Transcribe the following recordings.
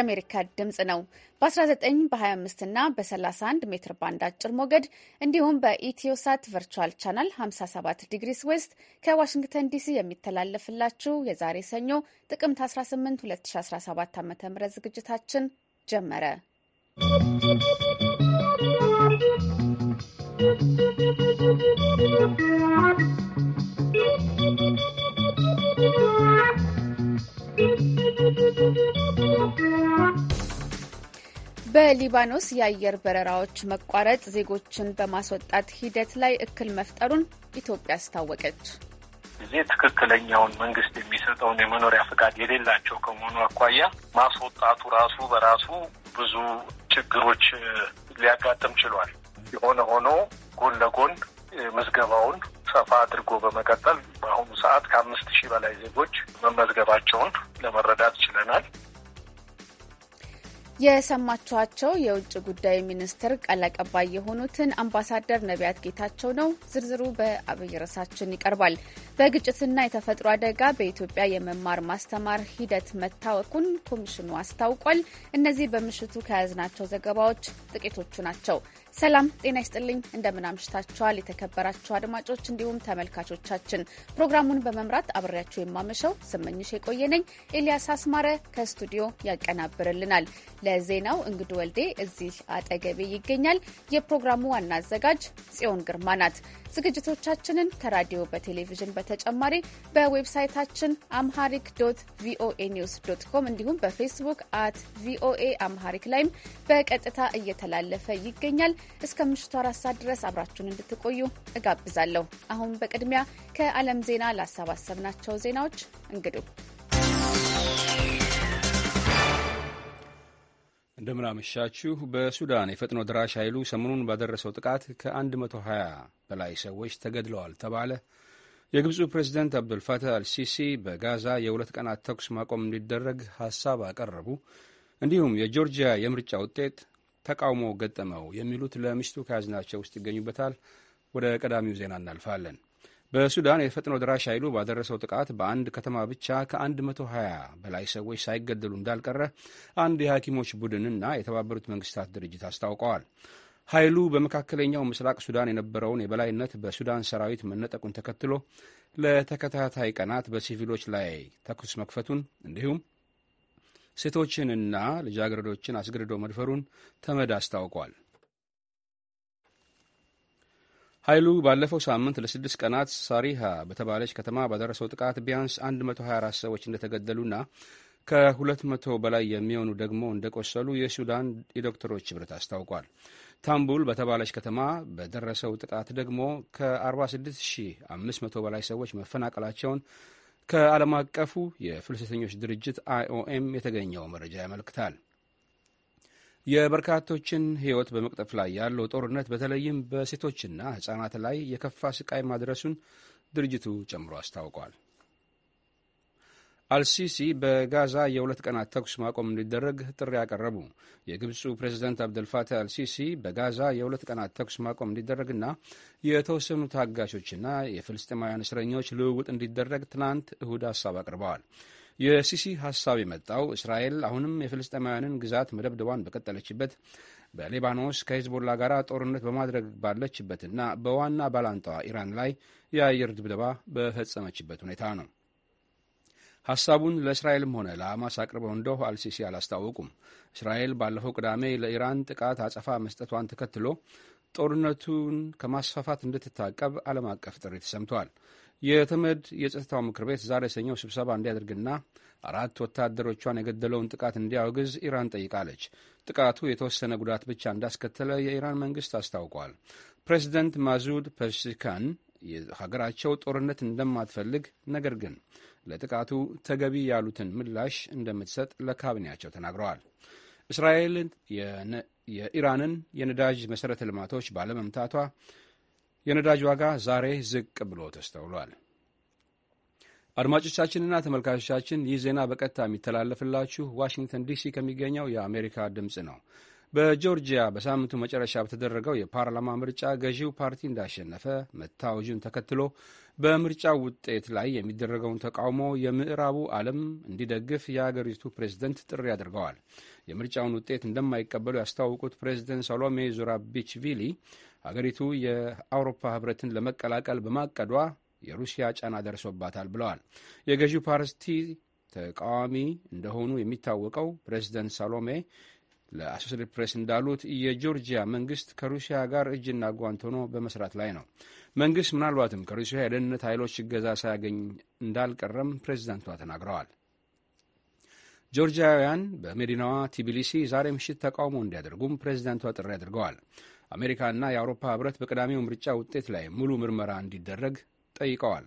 የአሜሪካ ድምፅ ነው። በ19 በ25 እና በ31 ሜትር ባንድ አጭር ሞገድ እንዲሁም በኢትዮሳት ቨርቹዋል ቻናል 57 ዲግሪስ ዌስት ከዋሽንግተን ዲሲ የሚተላለፍላችሁ የዛሬ ሰኞ ጥቅምት 18 2017 ዓ ም ዝግጅታችን ጀመረ። ¶¶ በሊባኖስ የአየር በረራዎች መቋረጥ ዜጎችን በማስወጣት ሂደት ላይ እክል መፍጠሩን ኢትዮጵያ አስታወቀች። እዚህ ትክክለኛውን መንግስት የሚሰጠውን የመኖሪያ ፈቃድ የሌላቸው ከመሆኑ አኳያ ማስወጣቱ ራሱ በራሱ ብዙ ችግሮች ሊያጋጥም ችሏል። የሆነ ሆኖ ጎን ለጎን ምዝገባውን ሰፋ አድርጎ በመቀጠል በአሁኑ ሰዓት ከአምስት ሺህ በላይ ዜጎች መመዝገባቸውን ለመረዳት ችለናል። የሰማችኋቸው የውጭ ጉዳይ ሚኒስትር ቃል አቀባይ የሆኑትን አምባሳደር ነቢያት ጌታቸው ነው። ዝርዝሩ በአብይ ርዕሳችን ይቀርባል። በግጭትና የተፈጥሮ አደጋ በኢትዮጵያ የመማር ማስተማር ሂደት መታወኩን ኮሚሽኑ አስታውቋል። እነዚህ በምሽቱ ከያዝናቸው ዘገባዎች ጥቂቶቹ ናቸው። ሰላም ጤና ይስጥልኝ። እንደምን አምሽታችኋል? የተከበራችሁ አድማጮች እንዲሁም ተመልካቾቻችን ፕሮግራሙን በመምራት አብሬያችሁ የማመሸው ስመኝሽ የቆየነኝ ኤልያስ አስማረ ከስቱዲዮ ያቀናብርልናል። ለዜናው እንግዱ ወልዴ እዚህ አጠገቤ ይገኛል። የፕሮግራሙ ዋና አዘጋጅ ጽዮን ግርማ ናት። ዝግጅቶቻችንን ከራዲዮ በቴሌቪዥን በተጨማሪ በዌብሳይታችን አምሃሪክ ዶት ቪኦኤ ኒውስ ዶት ኮም እንዲሁም በፌስቡክ አት ቪኦኤ አምሃሪክ ላይም በቀጥታ እየተላለፈ ይገኛል። እስከ ምሽቱ አራት ሰዓት ድረስ አብራችሁን እንድትቆዩ እጋብዛለሁ። አሁን በቅድሚያ ከዓለም ዜና ላሰባሰብናቸው ዜናዎች እንግዱ እንደምናመሻችሁ። በሱዳን የፈጥኖ ድራሽ ኃይሉ ሰሞኑን ባደረሰው ጥቃት ከ120 በላይ ሰዎች ተገድለዋል ተባለ። የግብፁ ፕሬዚደንት አብዱልፋታህ አልሲሲ በጋዛ የሁለት ቀናት ተኩስ ማቆም እንዲደረግ ሀሳብ አቀረቡ። እንዲሁም የጆርጂያ የምርጫ ውጤት ተቃውሞ ገጠመው የሚሉት ለምሽቱ ከያዝናቸው ውስጥ ይገኙበታል። ወደ ቀዳሚው ዜና እናልፋለን። በሱዳን የፈጥኖ ደራሽ ኃይሉ ባደረሰው ጥቃት በአንድ ከተማ ብቻ ከ120 በላይ ሰዎች ሳይገደሉ እንዳልቀረ አንድ የሐኪሞች ቡድንና የተባበሩት መንግስታት ድርጅት አስታውቀዋል። ኃይሉ በመካከለኛው ምስራቅ ሱዳን የነበረውን የበላይነት በሱዳን ሰራዊት መነጠቁን ተከትሎ ለተከታታይ ቀናት በሲቪሎች ላይ ተኩስ መክፈቱን እንዲሁም ሴቶችንና ልጃገረዶችን አስገድዶ መድፈሩን ተመድ አስታውቋል። ኃይሉ ባለፈው ሳምንት ለስድስት ቀናት ሳሪሃ በተባለች ከተማ ባደረሰው ጥቃት ቢያንስ 124 ሰዎች እንደተገደሉና ከ200 በላይ የሚሆኑ ደግሞ እንደቆሰሉ የሱዳን የዶክተሮች ኅብረት አስታውቋል። ታምቡል በተባለች ከተማ በደረሰው ጥቃት ደግሞ ከ46500 በላይ ሰዎች መፈናቀላቸውን ከዓለም አቀፉ የፍልሰተኞች ድርጅት አይኦኤም የተገኘው መረጃ ያመለክታል። የበርካቶችን ሕይወት በመቅጠፍ ላይ ያለው ጦርነት በተለይም በሴቶችና ሕፃናት ላይ የከፋ ስቃይ ማድረሱን ድርጅቱ ጨምሮ አስታውቋል። አልሲሲ በጋዛ የሁለት ቀናት ተኩስ ማቆም እንዲደረግ ጥሪ ያቀረቡ የግብፁ ፕሬዚደንት አብደልፋታህ አልሲሲ በጋዛ የሁለት ቀናት ተኩስ ማቆም እንዲደረግና የተወሰኑ ታጋቾችና የፍልስጤማውያን እስረኞች ልውውጥ እንዲደረግ ትናንት እሁድ ሀሳብ አቅርበዋል። የሲሲ ሀሳብ የመጣው እስራኤል አሁንም የፍልስጤማውያንን ግዛት መደብደቧን በቀጠለችበት በሊባኖስ ከሂዝቦላ ጋር ጦርነት በማድረግ ባለችበትና በዋና ባላንጣዋ ኢራን ላይ የአየር ድብደባ በፈጸመችበት ሁኔታ ነው። ሐሳቡን ለእስራኤልም ሆነ ለሐማስ አቅርበው እንደው አልሲሲ አላስታወቁም። እስራኤል ባለፈው ቅዳሜ ለኢራን ጥቃት አጸፋ መስጠቷን ተከትሎ ጦርነቱን ከማስፋፋት እንድትታቀብ ዓለም አቀፍ ጥሪ ተሰምተዋል። የተመድ የጸጥታው ምክር ቤት ዛሬ ሰኞ ስብሰባ እንዲያደርግና አራት ወታደሮቿን የገደለውን ጥቃት እንዲያወግዝ ኢራን ጠይቃለች። ጥቃቱ የተወሰነ ጉዳት ብቻ እንዳስከተለ የኢራን መንግስት አስታውቋል። ፕሬዚደንት ማዙድ ፐርሲካን የሀገራቸው ጦርነት እንደማትፈልግ ነገር ግን ለጥቃቱ ተገቢ ያሉትን ምላሽ እንደምትሰጥ ለካቢኔያቸው ተናግረዋል። እስራኤል የኢራንን የነዳጅ መሠረተ ልማቶች ባለመምታቷ የነዳጅ ዋጋ ዛሬ ዝቅ ብሎ ተስተውሏል። አድማጮቻችንና ተመልካቾቻችን ይህ ዜና በቀጥታ የሚተላለፍላችሁ ዋሽንግተን ዲሲ ከሚገኘው የአሜሪካ ድምፅ ነው። በጆርጂያ በሳምንቱ መጨረሻ በተደረገው የፓርላማ ምርጫ ገዢው ፓርቲ እንዳሸነፈ መታወጁን ተከትሎ በምርጫ ውጤት ላይ የሚደረገውን ተቃውሞ የምዕራቡ ዓለም እንዲደግፍ የአገሪቱ ፕሬዝደንት ጥሪ አድርገዋል። የምርጫውን ውጤት እንደማይቀበሉ ያስታወቁት ፕሬዝደንት ሰሎሜ ዙራቢችቪሊ አገሪቱ የአውሮፓ ህብረትን ለመቀላቀል በማቀዷ የሩሲያ ጫና ደርሶባታል ብለዋል። የገዢው ፓርቲ ተቃዋሚ እንደሆኑ የሚታወቀው ፕሬዝደንት ሰሎሜ ለአሶሴትድ ፕሬስ እንዳሉት የጆርጂያ መንግስት ከሩሲያ ጋር እጅና ጓንት ሆኖ በመስራት ላይ ነው። መንግስት ምናልባትም ከሩሲያ የደህንነት ኃይሎች እገዛ ሳያገኝ እንዳልቀረም ፕሬዚዳንቷ ተናግረዋል። ጆርጂያውያን በመዲናዋ ቲቢሊሲ ዛሬ ምሽት ተቃውሞ እንዲያደርጉም ፕሬዚዳንቷ ጥሪ አድርገዋል። አሜሪካና የአውሮፓ ህብረት በቅዳሜው ምርጫ ውጤት ላይ ሙሉ ምርመራ እንዲደረግ ጠይቀዋል።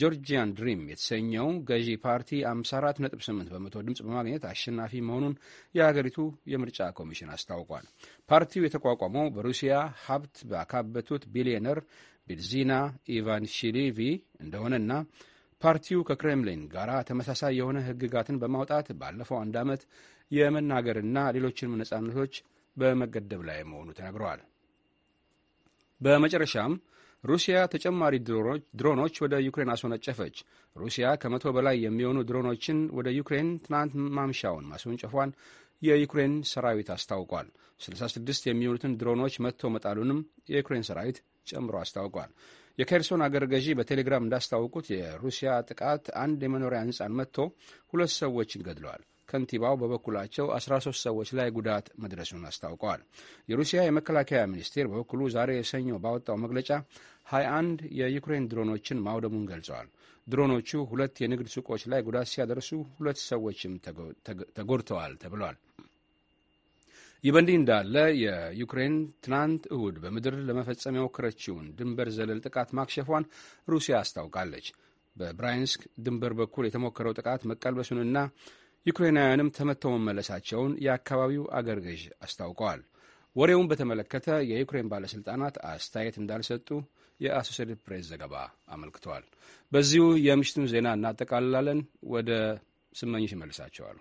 ጆርጂያን ድሪም የተሰኘው ገዢ ፓርቲ 54.8 በመቶ ድምፅ በማግኘት አሸናፊ መሆኑን የሀገሪቱ የምርጫ ኮሚሽን አስታውቋል። ፓርቲው የተቋቋመው በሩሲያ ሀብት ባካበቱት ቢሊዮነር ቢልዚና ሺሊቪ እንደሆነና ፓርቲው ከክሬምሊን ጋር ተመሳሳይ የሆነ ሕግጋትን በማውጣት ባለፈው አንድ ዓመት የመናገርና ሌሎችንም ነጻነቶች በመገደብ ላይ መሆኑ ተነግረዋል። በመጨረሻም ሩሲያ ተጨማሪ ድሮኖች ወደ ዩክሬን አስወነጨፈች። ሩሲያ ከመቶ በላይ የሚሆኑ ድሮኖችን ወደ ዩክሬን ትናንት ማምሻውን ማስወንጨፏን የዩክሬን ሰራዊት አስታውቋል። 66 የሚሆኑትን ድሮኖች መጥቶ መጣሉንም የዩክሬን ሰራዊት ጨምሮ አስታውቋል። የኬርሶን አገር ገዢ በቴሌግራም እንዳስታወቁት የሩሲያ ጥቃት አንድ የመኖሪያ ህንፃን መጥቶ ሁለት ሰዎችን ገድለዋል። ከንቲባው በበኩላቸው 13 ሰዎች ላይ ጉዳት መድረሱን አስታውቀዋል። የሩሲያ የመከላከያ ሚኒስቴር በበኩሉ ዛሬ የሰኞ ባወጣው መግለጫ 21 የዩክሬን ድሮኖችን ማውደሙን ገልጸዋል። ድሮኖቹ ሁለት የንግድ ሱቆች ላይ ጉዳት ሲያደርሱ ሁለት ሰዎችም ተጎድተዋል ተብሏል። ይህ በእንዲህ እንዳለ የዩክሬን ትናንት እሁድ በምድር ለመፈጸም የሞከረችውን ድንበር ዘለል ጥቃት ማክሸፏን ሩሲያ አስታውቃለች። በብራይንስክ ድንበር በኩል የተሞከረው ጥቃት መቀልበሱንና ዩክሬናውያንም ተመተው መመለሳቸውን የአካባቢው አገር ገዥ አስታውቀዋል። ወሬውን በተመለከተ የዩክሬን ባለሥልጣናት አስተያየት እንዳልሰጡ የአሶሴትድ ፕሬስ ዘገባ አመልክተዋል። በዚሁ የምሽቱን ዜና እናጠቃልላለን። ወደ ስመኝሽ ይመልሳቸዋል።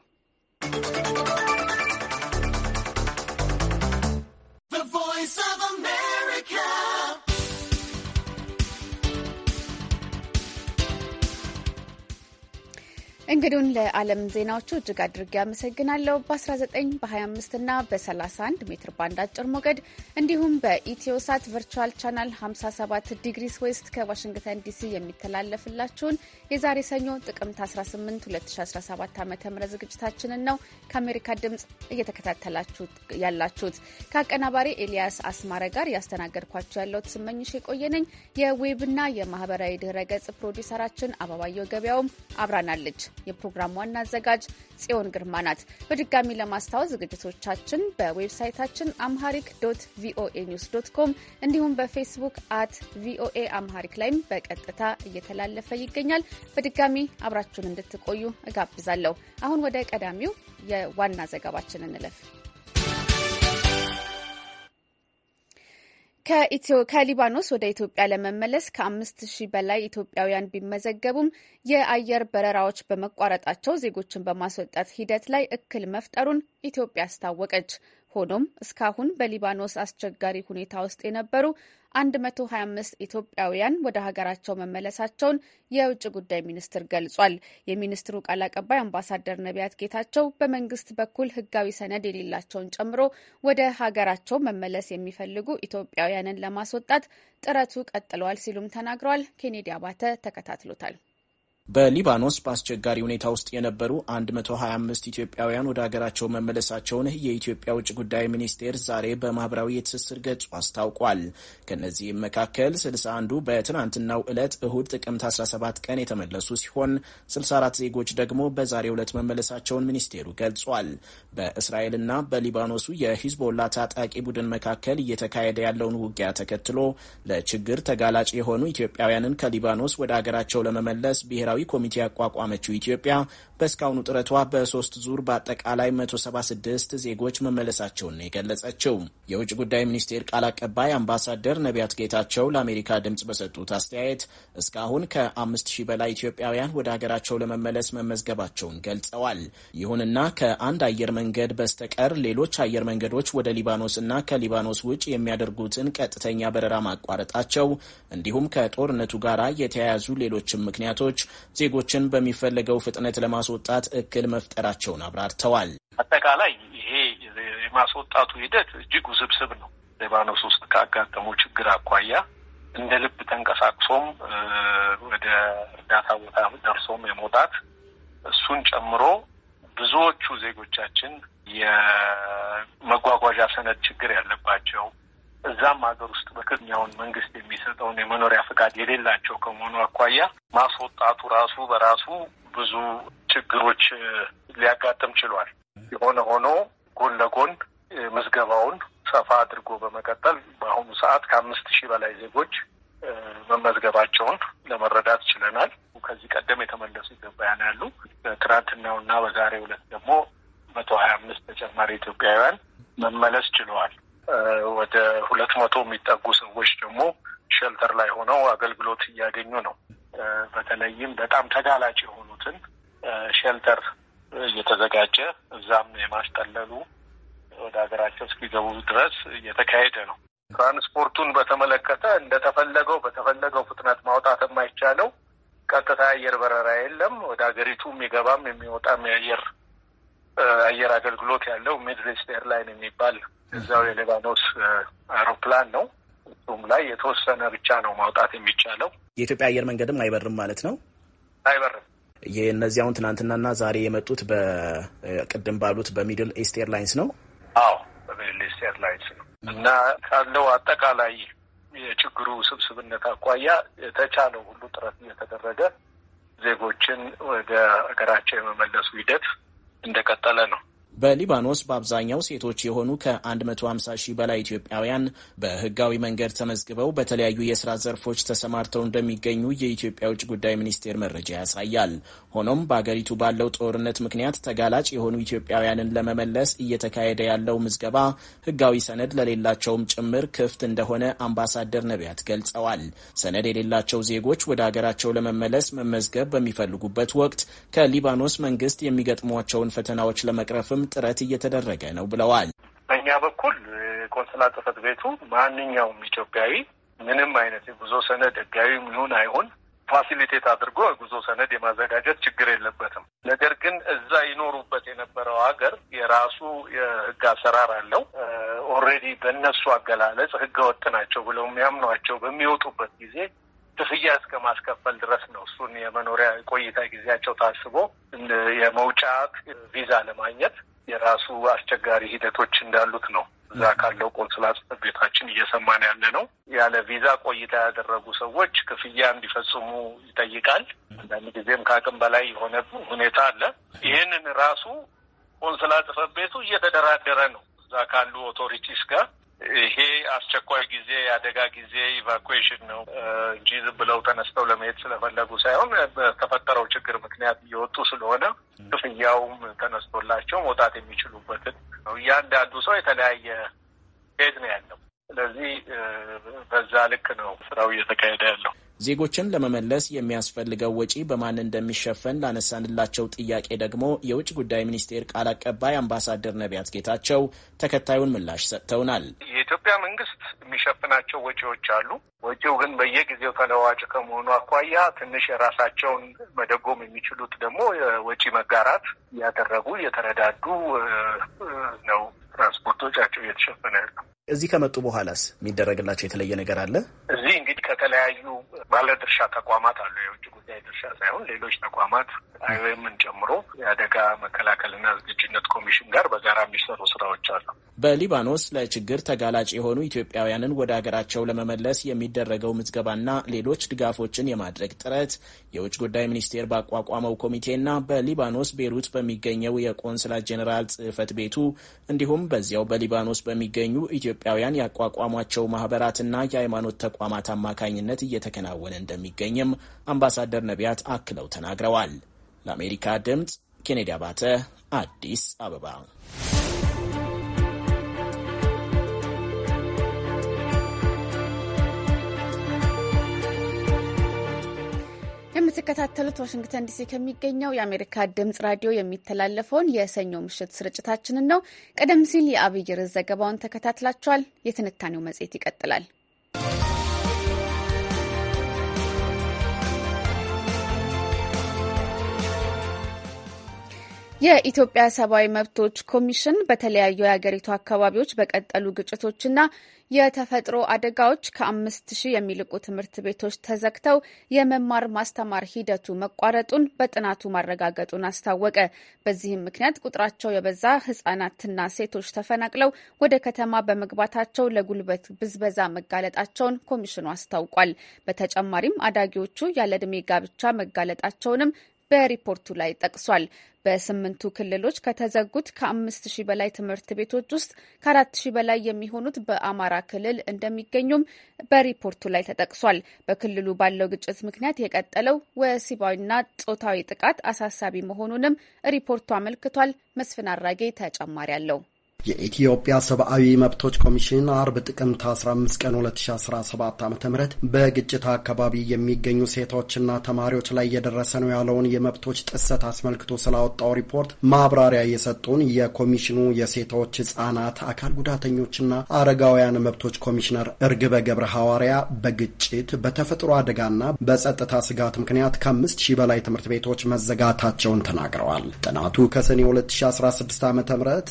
እንግዲሁን ለዓለም ዜናዎቹ እጅግ አድርጌ አመሰግናለሁ። በ19 በ25 እና በ31 ሜትር ባንድ አጭር ሞገድ እንዲሁም በኢትዮሳት ቨርቹዋል ቻናል 57 ዲግሪስ ዌስት ከዋሽንግተን ዲሲ የሚተላለፍላችሁን የዛሬ ሰኞ ጥቅምት 18 2017 ዓ ም ዝግጅታችንን ነው ከአሜሪካ ድምፅ እየተከታተላችሁ ያላችሁት። ከአቀናባሪ ኤልያስ አስማረ ጋር ያስተናገድኳችሁ ያለሁት ስመኝሽ የቆየነኝ። የዌብና የማህበራዊ ድህረ ገጽ ፕሮዲሰራችን አበባየው ገበያውም አብራናለች። የፕሮግራም ዋና አዘጋጅ ጽዮን ግርማ ናት። በድጋሚ ለማስታወስ ዝግጅቶቻችን በዌብሳይታችን አምሃሪክ ዶት ቪኦኤ ኒውስ ዶት ኮም እንዲሁም በፌስቡክ አት ቪኦኤ አምሃሪክ ላይም በቀጥታ እየተላለፈ ይገኛል። በድጋሚ አብራችሁን እንድትቆዩ እጋብዛለሁ። አሁን ወደ ቀዳሚው የዋና ዘገባችን እንለፍ። ከሊባኖስ ወደ ኢትዮጵያ ለመመለስ ከአምስት ሺህ በላይ ኢትዮጵያውያን ቢመዘገቡም የአየር በረራዎች በመቋረጣቸው ዜጎችን በማስወጣት ሂደት ላይ እክል መፍጠሩን ኢትዮጵያ አስታወቀች። ሆኖም እስካሁን በሊባኖስ አስቸጋሪ ሁኔታ ውስጥ የነበሩ 125 ኢትዮጵያውያን ወደ ሀገራቸው መመለሳቸውን የውጭ ጉዳይ ሚኒስትር ገልጿል። የሚኒስትሩ ቃል አቀባይ አምባሳደር ነቢያት ጌታቸው በመንግስት በኩል ሕጋዊ ሰነድ የሌላቸውን ጨምሮ ወደ ሀገራቸው መመለስ የሚፈልጉ ኢትዮጵያውያንን ለማስወጣት ጥረቱ ቀጥለዋል ሲሉም ተናግረዋል። ኬኔዲ አባተ ተከታትሎታል። በሊባኖስ በአስቸጋሪ ሁኔታ ውስጥ የነበሩ 125 ኢትዮጵያውያን ወደ ሀገራቸው መመለሳቸውን የኢትዮጵያ ውጭ ጉዳይ ሚኒስቴር ዛሬ በማህበራዊ የትስስር ገጹ አስታውቋል። ከእነዚህም መካከል 61ዱ በትናንትናው ዕለት እሁድ ጥቅምት 17 ቀን የተመለሱ ሲሆን 64 ዜጎች ደግሞ በዛሬ ዕለት መመለሳቸውን ሚኒስቴሩ ገልጿል። በእስራኤልና በሊባኖሱ የሂዝቦላ ታጣቂ ቡድን መካከል እየተካሄደ ያለውን ውጊያ ተከትሎ ለችግር ተጋላጭ የሆኑ ኢትዮጵያውያንን ከሊባኖስ ወደ ሀገራቸው ለመመለስ ብሔራ ማዕከላዊ ኮሚቴ ያቋቋመችው ኢትዮጵያ በእስካሁኑ ጥረቷ በሶስት ዙር በአጠቃላይ 176 ዜጎች መመለሳቸውን ነው የገለጸችው። የውጭ ጉዳይ ሚኒስቴር ቃል አቀባይ አምባሳደር ነቢያት ጌታቸው ለአሜሪካ ድምፅ በሰጡት አስተያየት እስካሁን ከ5000 በላይ ኢትዮጵያውያን ወደ ሀገራቸው ለመመለስ መመዝገባቸውን ገልጸዋል። ይሁንና ከአንድ አየር መንገድ በስተቀር ሌሎች አየር መንገዶች ወደ ሊባኖስ እና ከሊባኖስ ውጭ የሚያደርጉትን ቀጥተኛ በረራ ማቋረጣቸው እንዲሁም ከጦርነቱ ጋር የተያያዙ ሌሎችም ምክንያቶች ዜጎችን በሚፈለገው ፍጥነት ለማስ የማስወጣት እክል መፍጠራቸውን አብራርተዋል። አጠቃላይ ይሄ የማስወጣቱ ሂደት እጅግ ውስብስብ ነው። ሌባኖስ ውስጥ ካጋጠመው ችግር አኳያ እንደ ልብ ተንቀሳቅሶም ወደ እርዳታ ቦታ ደርሶም የመውጣት እሱን ጨምሮ ብዙዎቹ ዜጎቻችን የመጓጓዣ ሰነድ ችግር ያለባቸው እዛም ሀገር ውስጥ በቅድሚያውን መንግስት የሚሰጠውን የመኖሪያ ፈቃድ የሌላቸው ከመሆኑ አኳያ ማስወጣቱ ራሱ በራሱ ብዙ ችግሮች ሊያጋጥም ችሏል። የሆነ ሆኖ ጎን ለጎን ምዝገባውን ሰፋ አድርጎ በመቀጠል በአሁኑ ሰዓት ከአምስት ሺህ በላይ ዜጎች መመዝገባቸውን ለመረዳት ችለናል። ከዚህ ቀደም የተመለሱ ኢትዮጵያውያን ያሉ ትናንትናው እና በዛሬው ዕለት ደግሞ መቶ ሀያ አምስት ተጨማሪ ኢትዮጵያውያን መመለስ ችለዋል። ወደ ሁለት መቶ የሚጠጉ ሰዎች ደግሞ ሸልተር ላይ ሆነው አገልግሎት እያገኙ ነው። በተለይም በጣም ተጋላጭ የሆኑትን ሼልተር እየተዘጋጀ እዛም የማስጠለሉ ወደ ሀገራቸው እስኪገቡ ድረስ እየተካሄደ ነው። ትራንስፖርቱን በተመለከተ እንደተፈለገው በተፈለገው ፍጥነት ማውጣት የማይቻለው ቀጥታ አየር በረራ የለም። ወደ ሀገሪቱ የሚገባም የሚወጣም የአየር አየር አገልግሎት ያለው ሚድልስት ኤርላይን የሚባል እዛው የሌባኖስ አውሮፕላን ነው። እሱም ላይ የተወሰነ ብቻ ነው ማውጣት የሚቻለው። የኢትዮጵያ አየር መንገድም አይበርም ማለት ነው። አይበርም የእነዚያውን ትናንትናና ዛሬ የመጡት በቅድም ባሉት በሚድል ኢስት ኤርላይንስ ነው። አዎ በሚድል ኢስት ኤርላይንስ ነው እና ካለው አጠቃላይ የችግሩ ስብስብነት አኳያ የተቻለው ሁሉ ጥረት እየተደረገ ዜጎችን ወደ ሀገራቸው የመመለሱ ሂደት እንደቀጠለ ነው። በሊባኖስ በአብዛኛው ሴቶች የሆኑ ከ150 ሺህ በላይ ኢትዮጵያውያን በህጋዊ መንገድ ተመዝግበው በተለያዩ የስራ ዘርፎች ተሰማርተው እንደሚገኙ የኢትዮጵያ ውጭ ጉዳይ ሚኒስቴር መረጃ ያሳያል። ሆኖም በአገሪቱ ባለው ጦርነት ምክንያት ተጋላጭ የሆኑ ኢትዮጵያውያንን ለመመለስ እየተካሄደ ያለው ምዝገባ ህጋዊ ሰነድ ለሌላቸውም ጭምር ክፍት እንደሆነ አምባሳደር ነቢያት ገልጸዋል። ሰነድ የሌላቸው ዜጎች ወደ አገራቸው ለመመለስ መመዝገብ በሚፈልጉበት ወቅት ከሊባኖስ መንግስት የሚገጥሟቸውን ፈተናዎች ለመቅረፍም ጥረት እየተደረገ ነው ብለዋል። በእኛ በኩል ቆንስላ ጽህፈት ቤቱ ማንኛውም ኢትዮጵያዊ ምንም አይነት የጉዞ ሰነድ ሕጋዊም ይሁን አይሁን ፋሲሊቴት አድርጎ የጉዞ ሰነድ የማዘጋጀት ችግር የለበትም። ነገር ግን እዛ ይኖሩበት የነበረው ሀገር የራሱ የህግ አሰራር አለው። ኦልሬዲ በእነሱ አገላለጽ ህገ ወጥ ናቸው ብለው የሚያምኗቸው በሚወጡበት ጊዜ ክፍያ እስከ ማስከፈል ድረስ ነው። እሱን የመኖሪያ ቆይታ ጊዜያቸው ታስቦ የመውጫ ቪዛ ለማግኘት የራሱ አስቸጋሪ ሂደቶች እንዳሉት ነው። እዛ ካለው ቆንስላ ጽፈት ቤታችን እየሰማን ያለ ነው። ያለ ቪዛ ቆይታ ያደረጉ ሰዎች ክፍያ እንዲፈጽሙ ይጠይቃል። አንዳንድ ጊዜም ከአቅም በላይ የሆነ ሁኔታ አለ። ይህንን ራሱ ቆንስላ ጽፈት ቤቱ እየተደራደረ ነው እዛ ካሉ ኦቶሪቲስ ጋር ይሄ አስቸኳይ ጊዜ የአደጋ ጊዜ ኢቫኩዌሽን ነው እንጂ ዝም ብለው ተነስተው ለመሄድ ስለፈለጉ ሳይሆን በተፈጠረው ችግር ምክንያት እየወጡ ስለሆነ ክፍያውም ተነስቶላቸው መውጣት የሚችሉበትን እያንዳንዱ ሰው የተለያየ ቤት ነው ያለው። ስለዚህ በዛ ልክ ነው ስራው እየተካሄደ ያለው። ዜጎችን ለመመለስ የሚያስፈልገው ወጪ በማን እንደሚሸፈን ላነሳንላቸው ጥያቄ ደግሞ የውጭ ጉዳይ ሚኒስቴር ቃል አቀባይ አምባሳደር ነቢያት ጌታቸው ተከታዩን ምላሽ ሰጥተውናል። የኢትዮጵያ መንግስት የሚሸፍናቸው ወጪዎች አሉ። ወጪው ግን በየጊዜው ተለዋጭ ከመሆኑ አኳያ ትንሽ የራሳቸውን መደጎም የሚችሉት ደግሞ የወጪ መጋራት እያደረጉ እየተረዳዱ ነው ትራንስፖርቶቻቸው እየተሸፈነ ያለው። እዚህ ከመጡ በኋላስ የሚደረግላቸው የተለየ ነገር አለ? እዚህ እንግዲህ ከተለያዩ ባለድርሻ ተቋማት አሉ የውጭ የኛ ድርሻ ሳይሆን ሌሎች ተቋማት አይወይምን ጨምሮ የአደጋ መከላከልና ዝግጅነት ኮሚሽን ጋር በጋራ የሚሰሩ ስራዎች አሉ። በሊባኖስ ለችግር ተጋላጭ የሆኑ ኢትዮጵያውያንን ወደ ሀገራቸው ለመመለስ የሚደረገው ምዝገባና ሌሎች ድጋፎችን የማድረግ ጥረት የውጭ ጉዳይ ሚኒስቴር ባቋቋመው ኮሚቴና በሊባኖስ ቤሩት በሚገኘው የቆንስላት ጄኔራል ጽህፈት ቤቱ እንዲሁም በዚያው በሊባኖስ በሚገኙ ኢትዮጵያውያን ያቋቋሟቸው ማህበራትና የሃይማኖት ተቋማት አማካኝነት እየተከናወነ እንደሚገኝም አምባሳደር አምባሳደር ነቢያት አክለው ተናግረዋል። ለአሜሪካ ድምፅ ኬኔዲ አባተ አዲስ አበባ። የምትከታተሉት ዋሽንግተን ዲሲ ከሚገኘው የአሜሪካ ድምጽ ራዲዮ የሚተላለፈውን የሰኞ ምሽት ስርጭታችንን ነው። ቀደም ሲል የአብይር ዘገባውን ተከታትላችኋል። የትንታኔው መጽሔት ይቀጥላል። የኢትዮጵያ ሰብአዊ መብቶች ኮሚሽን በተለያዩ የሀገሪቱ አካባቢዎች በቀጠሉ ግጭቶችና የተፈጥሮ አደጋዎች ከአምስት ሺህ የሚልቁ ትምህርት ቤቶች ተዘግተው የመማር ማስተማር ሂደቱ መቋረጡን በጥናቱ ማረጋገጡን አስታወቀ። በዚህም ምክንያት ቁጥራቸው የበዛ ህጻናትና ሴቶች ተፈናቅለው ወደ ከተማ በመግባታቸው ለጉልበት ብዝበዛ መጋለጣቸውን ኮሚሽኑ አስታውቋል። በተጨማሪም አዳጊዎቹ ያለ ጋብቻ መጋለጣቸውንም በሪፖርቱ ላይ ጠቅሷል። በስምንቱ ክልሎች ከተዘጉት ከአምስት ሺህ በላይ ትምህርት ቤቶች ውስጥ ከአራት ሺህ በላይ የሚሆኑት በአማራ ክልል እንደሚገኙም በሪፖርቱ ላይ ተጠቅሷል። በክልሉ ባለው ግጭት ምክንያት የቀጠለው ወሲባዊና ጾታዊ ጥቃት አሳሳቢ መሆኑንም ሪፖርቱ አመልክቷል። መስፍን አራጌ ተጨማሪ አለው። የኢትዮጵያ ሰብአዊ መብቶች ኮሚሽን አርብ ጥቅምት 15 ቀን 2017 ዓ ም በግጭት አካባቢ የሚገኙ ሴቶችና ተማሪዎች ላይ የደረሰ ነው ያለውን የመብቶች ጥሰት አስመልክቶ ስላወጣው ሪፖርት ማብራሪያ የሰጡን የኮሚሽኑ የሴቶች ህጻናት፣ አካል ጉዳተኞችና አረጋውያን መብቶች ኮሚሽነር እርግበ ገብረ ሐዋርያ በግጭት በተፈጥሮ አደጋና በጸጥታ ስጋት ምክንያት ከአምስት ሺህ በላይ ትምህርት ቤቶች መዘጋታቸውን ተናግረዋል። ጥናቱ ከሰኔ 2016 ዓ ም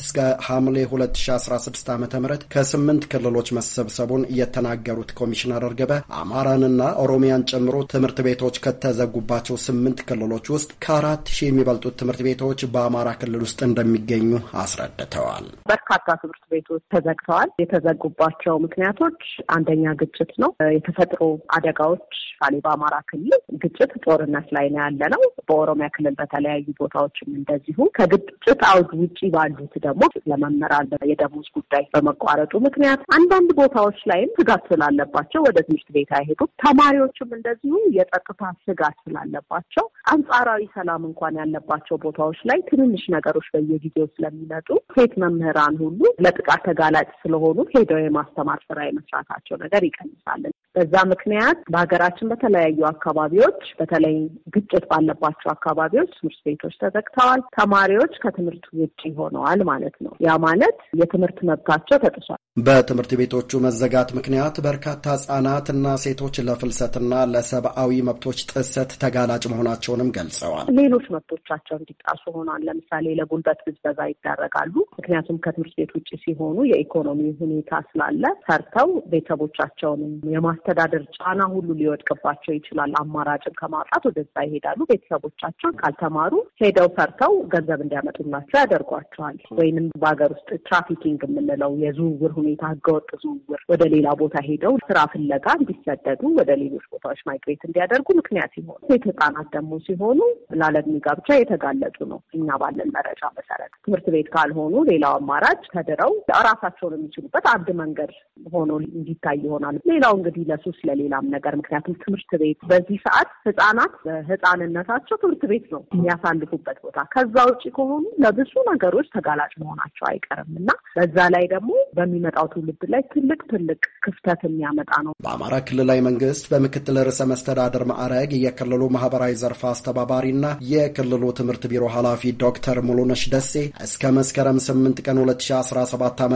እስከ ሐምሌ 2016 ዓ ም ከስምንት ክልሎች መሰብሰቡን የተናገሩት ኮሚሽነር እርግበ አማራንና ኦሮሚያን ጨምሮ ትምህርት ቤቶች ከተዘጉባቸው ስምንት ክልሎች ውስጥ ከአራት ሺህ የሚበልጡት ትምህርት ቤቶች በአማራ ክልል ውስጥ እንደሚገኙ አስረድተዋል። በርካታ ትምህርት ቤቶች ተዘግተዋል። የተዘጉባቸው ምክንያቶች አንደኛ ግጭት ነው። የተፈጥሮ አደጋዎች ሳሌ በአማራ ክልል ግጭት ጦርነት ላይ ነው ያለ ነው። በኦሮሚያ ክልል በተለያዩ ቦታዎችም እንደዚሁ ከግጭት አውድ ውጭ ባሉት ደግሞ ለመመራ ይኖራል። የደሞዝ ጉዳይ በመቋረጡ ምክንያት አንዳንድ ቦታዎች ላይም ስጋት ስላለባቸው ወደ ትምህርት ቤት አይሄዱም። ተማሪዎችም እንደዚሁ የጸጥታ ስጋት ስላለባቸው አንጻራዊ ሰላም እንኳን ያለባቸው ቦታዎች ላይ ትንንሽ ነገሮች በየጊዜው ስለሚመጡ ሴት መምህራን ሁሉ ለጥቃት ተጋላጭ ስለሆኑ ሄደው የማስተማር ስራ የመስራታቸው ነገር ይቀንሳለን። በዛ ምክንያት በሀገራችን በተለያዩ አካባቢዎች በተለይ ግጭት ባለባቸው አካባቢዎች ትምህርት ቤቶች ተዘግተዋል። ተማሪዎች ከትምህርት ውጭ ሆነዋል ማለት ነው። ያ ማለት ማለት የትምህርት መብታቸው ተጥሷል። በትምህርት ቤቶቹ መዘጋት ምክንያት በርካታ ህጻናትና ሴቶች ለፍልሰትና ለሰብአዊ መብቶች ጥሰት ተጋላጭ መሆናቸውንም ገልጸዋል። ሌሎች መብቶቻቸው እንዲጣሱ ሆኗል። ለምሳሌ ለጉልበት ብዝበዛ ይዳረጋሉ። ምክንያቱም ከትምህርት ቤት ውጭ ሲሆኑ የኢኮኖሚ ሁኔታ ስላለ ሰርተው ቤተሰቦቻቸውንም የማስተዳደር ጫና ሁሉ ሊወድቅባቸው ይችላል። አማራጭን ከማጣት ወደዛ ይሄዳሉ። ቤተሰቦቻቸውን ካልተማሩ ሄደው ሰርተው ገንዘብ እንዲያመጡላቸው ያደርጓቸዋል። ወይንም በሀገር ውስጥ ትራፊኪንግ የምንለው የዝውውር ሁኔታ ህገወጥ ዝውውር ወደ ሌላ ቦታ ሄደው ስራ ፍለጋ እንዲሰደዱ ወደ ሌሎች ቦታዎች ማይግሬት እንዲያደርጉ ምክንያት ይሆኑ። ሴት ህጻናት ደግሞ ሲሆኑ ላለዕድሜ ጋብቻ የተጋለጡ ነው። እኛ ባለን መረጃ መሰረት ትምህርት ቤት ካልሆኑ ሌላው አማራጭ ተድረው ራሳቸውን የሚችሉበት አንድ መንገድ ሆኖ እንዲታይ ይሆናል። ሌላው እንግዲህ ለሱስ ለሌላም ነገር ምክንያቱም ትምህርት ቤት በዚህ ሰዓት ህጻናት ህጻንነታቸው ትምህርት ቤት ነው የሚያሳልፉበት ቦታ። ከዛ ውጭ ከሆኑ ለብዙ ነገሮች ተጋላጭ መሆናቸው አይቀርም እና በዛ ላይ ደግሞ በሚመ በሚመጣው ትውልድ ላይ ትልቅ ትልቅ ክፍተት የሚያመጣ ነው። በአማራ ክልላዊ መንግስት በምክትል ርዕሰ መስተዳደር ማዕረግ የክልሉ ማህበራዊ ዘርፍ አስተባባሪና የክልሉ ትምህርት ቢሮ ኃላፊ ዶክተር ሙሉነሽ ደሴ እስከ መስከረም 8 ቀን 2017 ዓ ም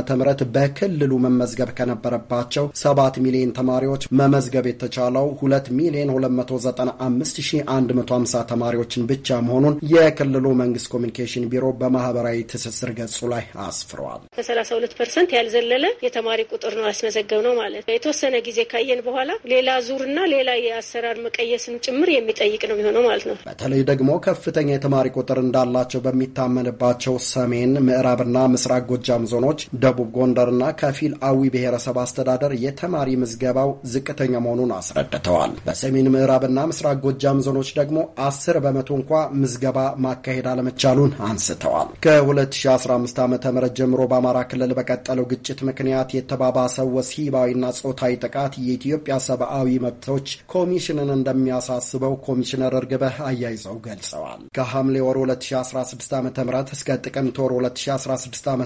በክልሉ መመዝገብ ከነበረባቸው 7 ሚሊዮን ተማሪዎች መመዝገብ የተቻለው 2 ሚሊዮን 295150 ተማሪዎችን ብቻ መሆኑን የክልሉ መንግስት ኮሚኒኬሽን ቢሮ በማህበራዊ ትስስር ገጹ ላይ አስፍረዋል። ከ32 ፐርሰንት ያልዘለለ ስለሆነ የተማሪ ቁጥር ነው ያስመዘገብ ነው ማለት ነው። የተወሰነ ጊዜ ካየን በኋላ ሌላ ዙርና ሌላ የአሰራር መቀየስን ጭምር የሚጠይቅ ነው የሚሆነው ማለት ነው። በተለይ ደግሞ ከፍተኛ የተማሪ ቁጥር እንዳላቸው በሚታመንባቸው ሰሜን ምዕራብና ምስራቅ ጎጃም ዞኖች፣ ደቡብ ጎንደርና ከፊል አዊ ብሔረሰብ አስተዳደር የተማሪ ምዝገባው ዝቅተኛ መሆኑን አስረድተዋል። በሰሜን ምዕራብና ምስራቅ ጎጃም ዞኖች ደግሞ አስር በመቶ እንኳ ምዝገባ ማካሄድ አለመቻሉን አንስተዋል። ከ2015 ዓ ም ጀምሮ በአማራ ክልል በቀጠለው ግጭት ምክንያት የተባባሰው ወሲባዊና ጾታዊ ጥቃት የኢትዮጵያ ሰብአዊ መብቶች ኮሚሽንን እንደሚያሳስበው ኮሚሽነር እርግበህ አያይዘው ገልጸዋል። ከሐምሌ ወር 2016 ዓ ም እስከ ጥቅምት ወር 2016 ዓ ም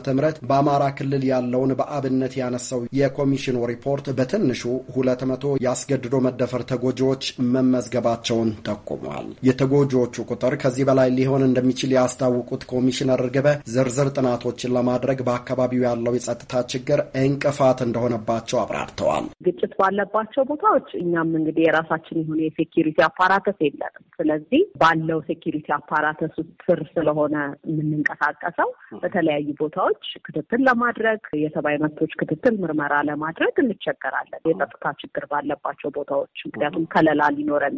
በአማራ ክልል ያለውን በአብነት ያነሳው የኮሚሽኑ ሪፖርት በትንሹ 200 ያስገድዶ መደፈር ተጎጂዎች መመዝገባቸውን ጠቁሟል። የተጎጂዎቹ ቁጥር ከዚህ በላይ ሊሆን እንደሚችል ያስታወቁት ኮሚሽነር እርግበህ ዝርዝር ጥናቶችን ለማድረግ በአካባቢው ያለው የጸጥታ ችግር እንቅፋት እንደሆነባቸው አብራርተዋል። ግጭት ባለባቸው ቦታዎች እኛም እንግዲህ የራሳችን የሆነ የሴኪሪቲ አፓራተስ የለንም። ስለዚህ ባለው ሴኪሪቲ አፓራተስ ስር ስለሆነ የምንንቀሳቀሰው በተለያዩ ቦታዎች ክትትል ለማድረግ የሰብአዊ መብቶች ክትትል ምርመራ ለማድረግ እንቸገራለን። የጸጥታ ችግር ባለባቸው ቦታዎች ምክንያቱም ከለላ ሊኖረን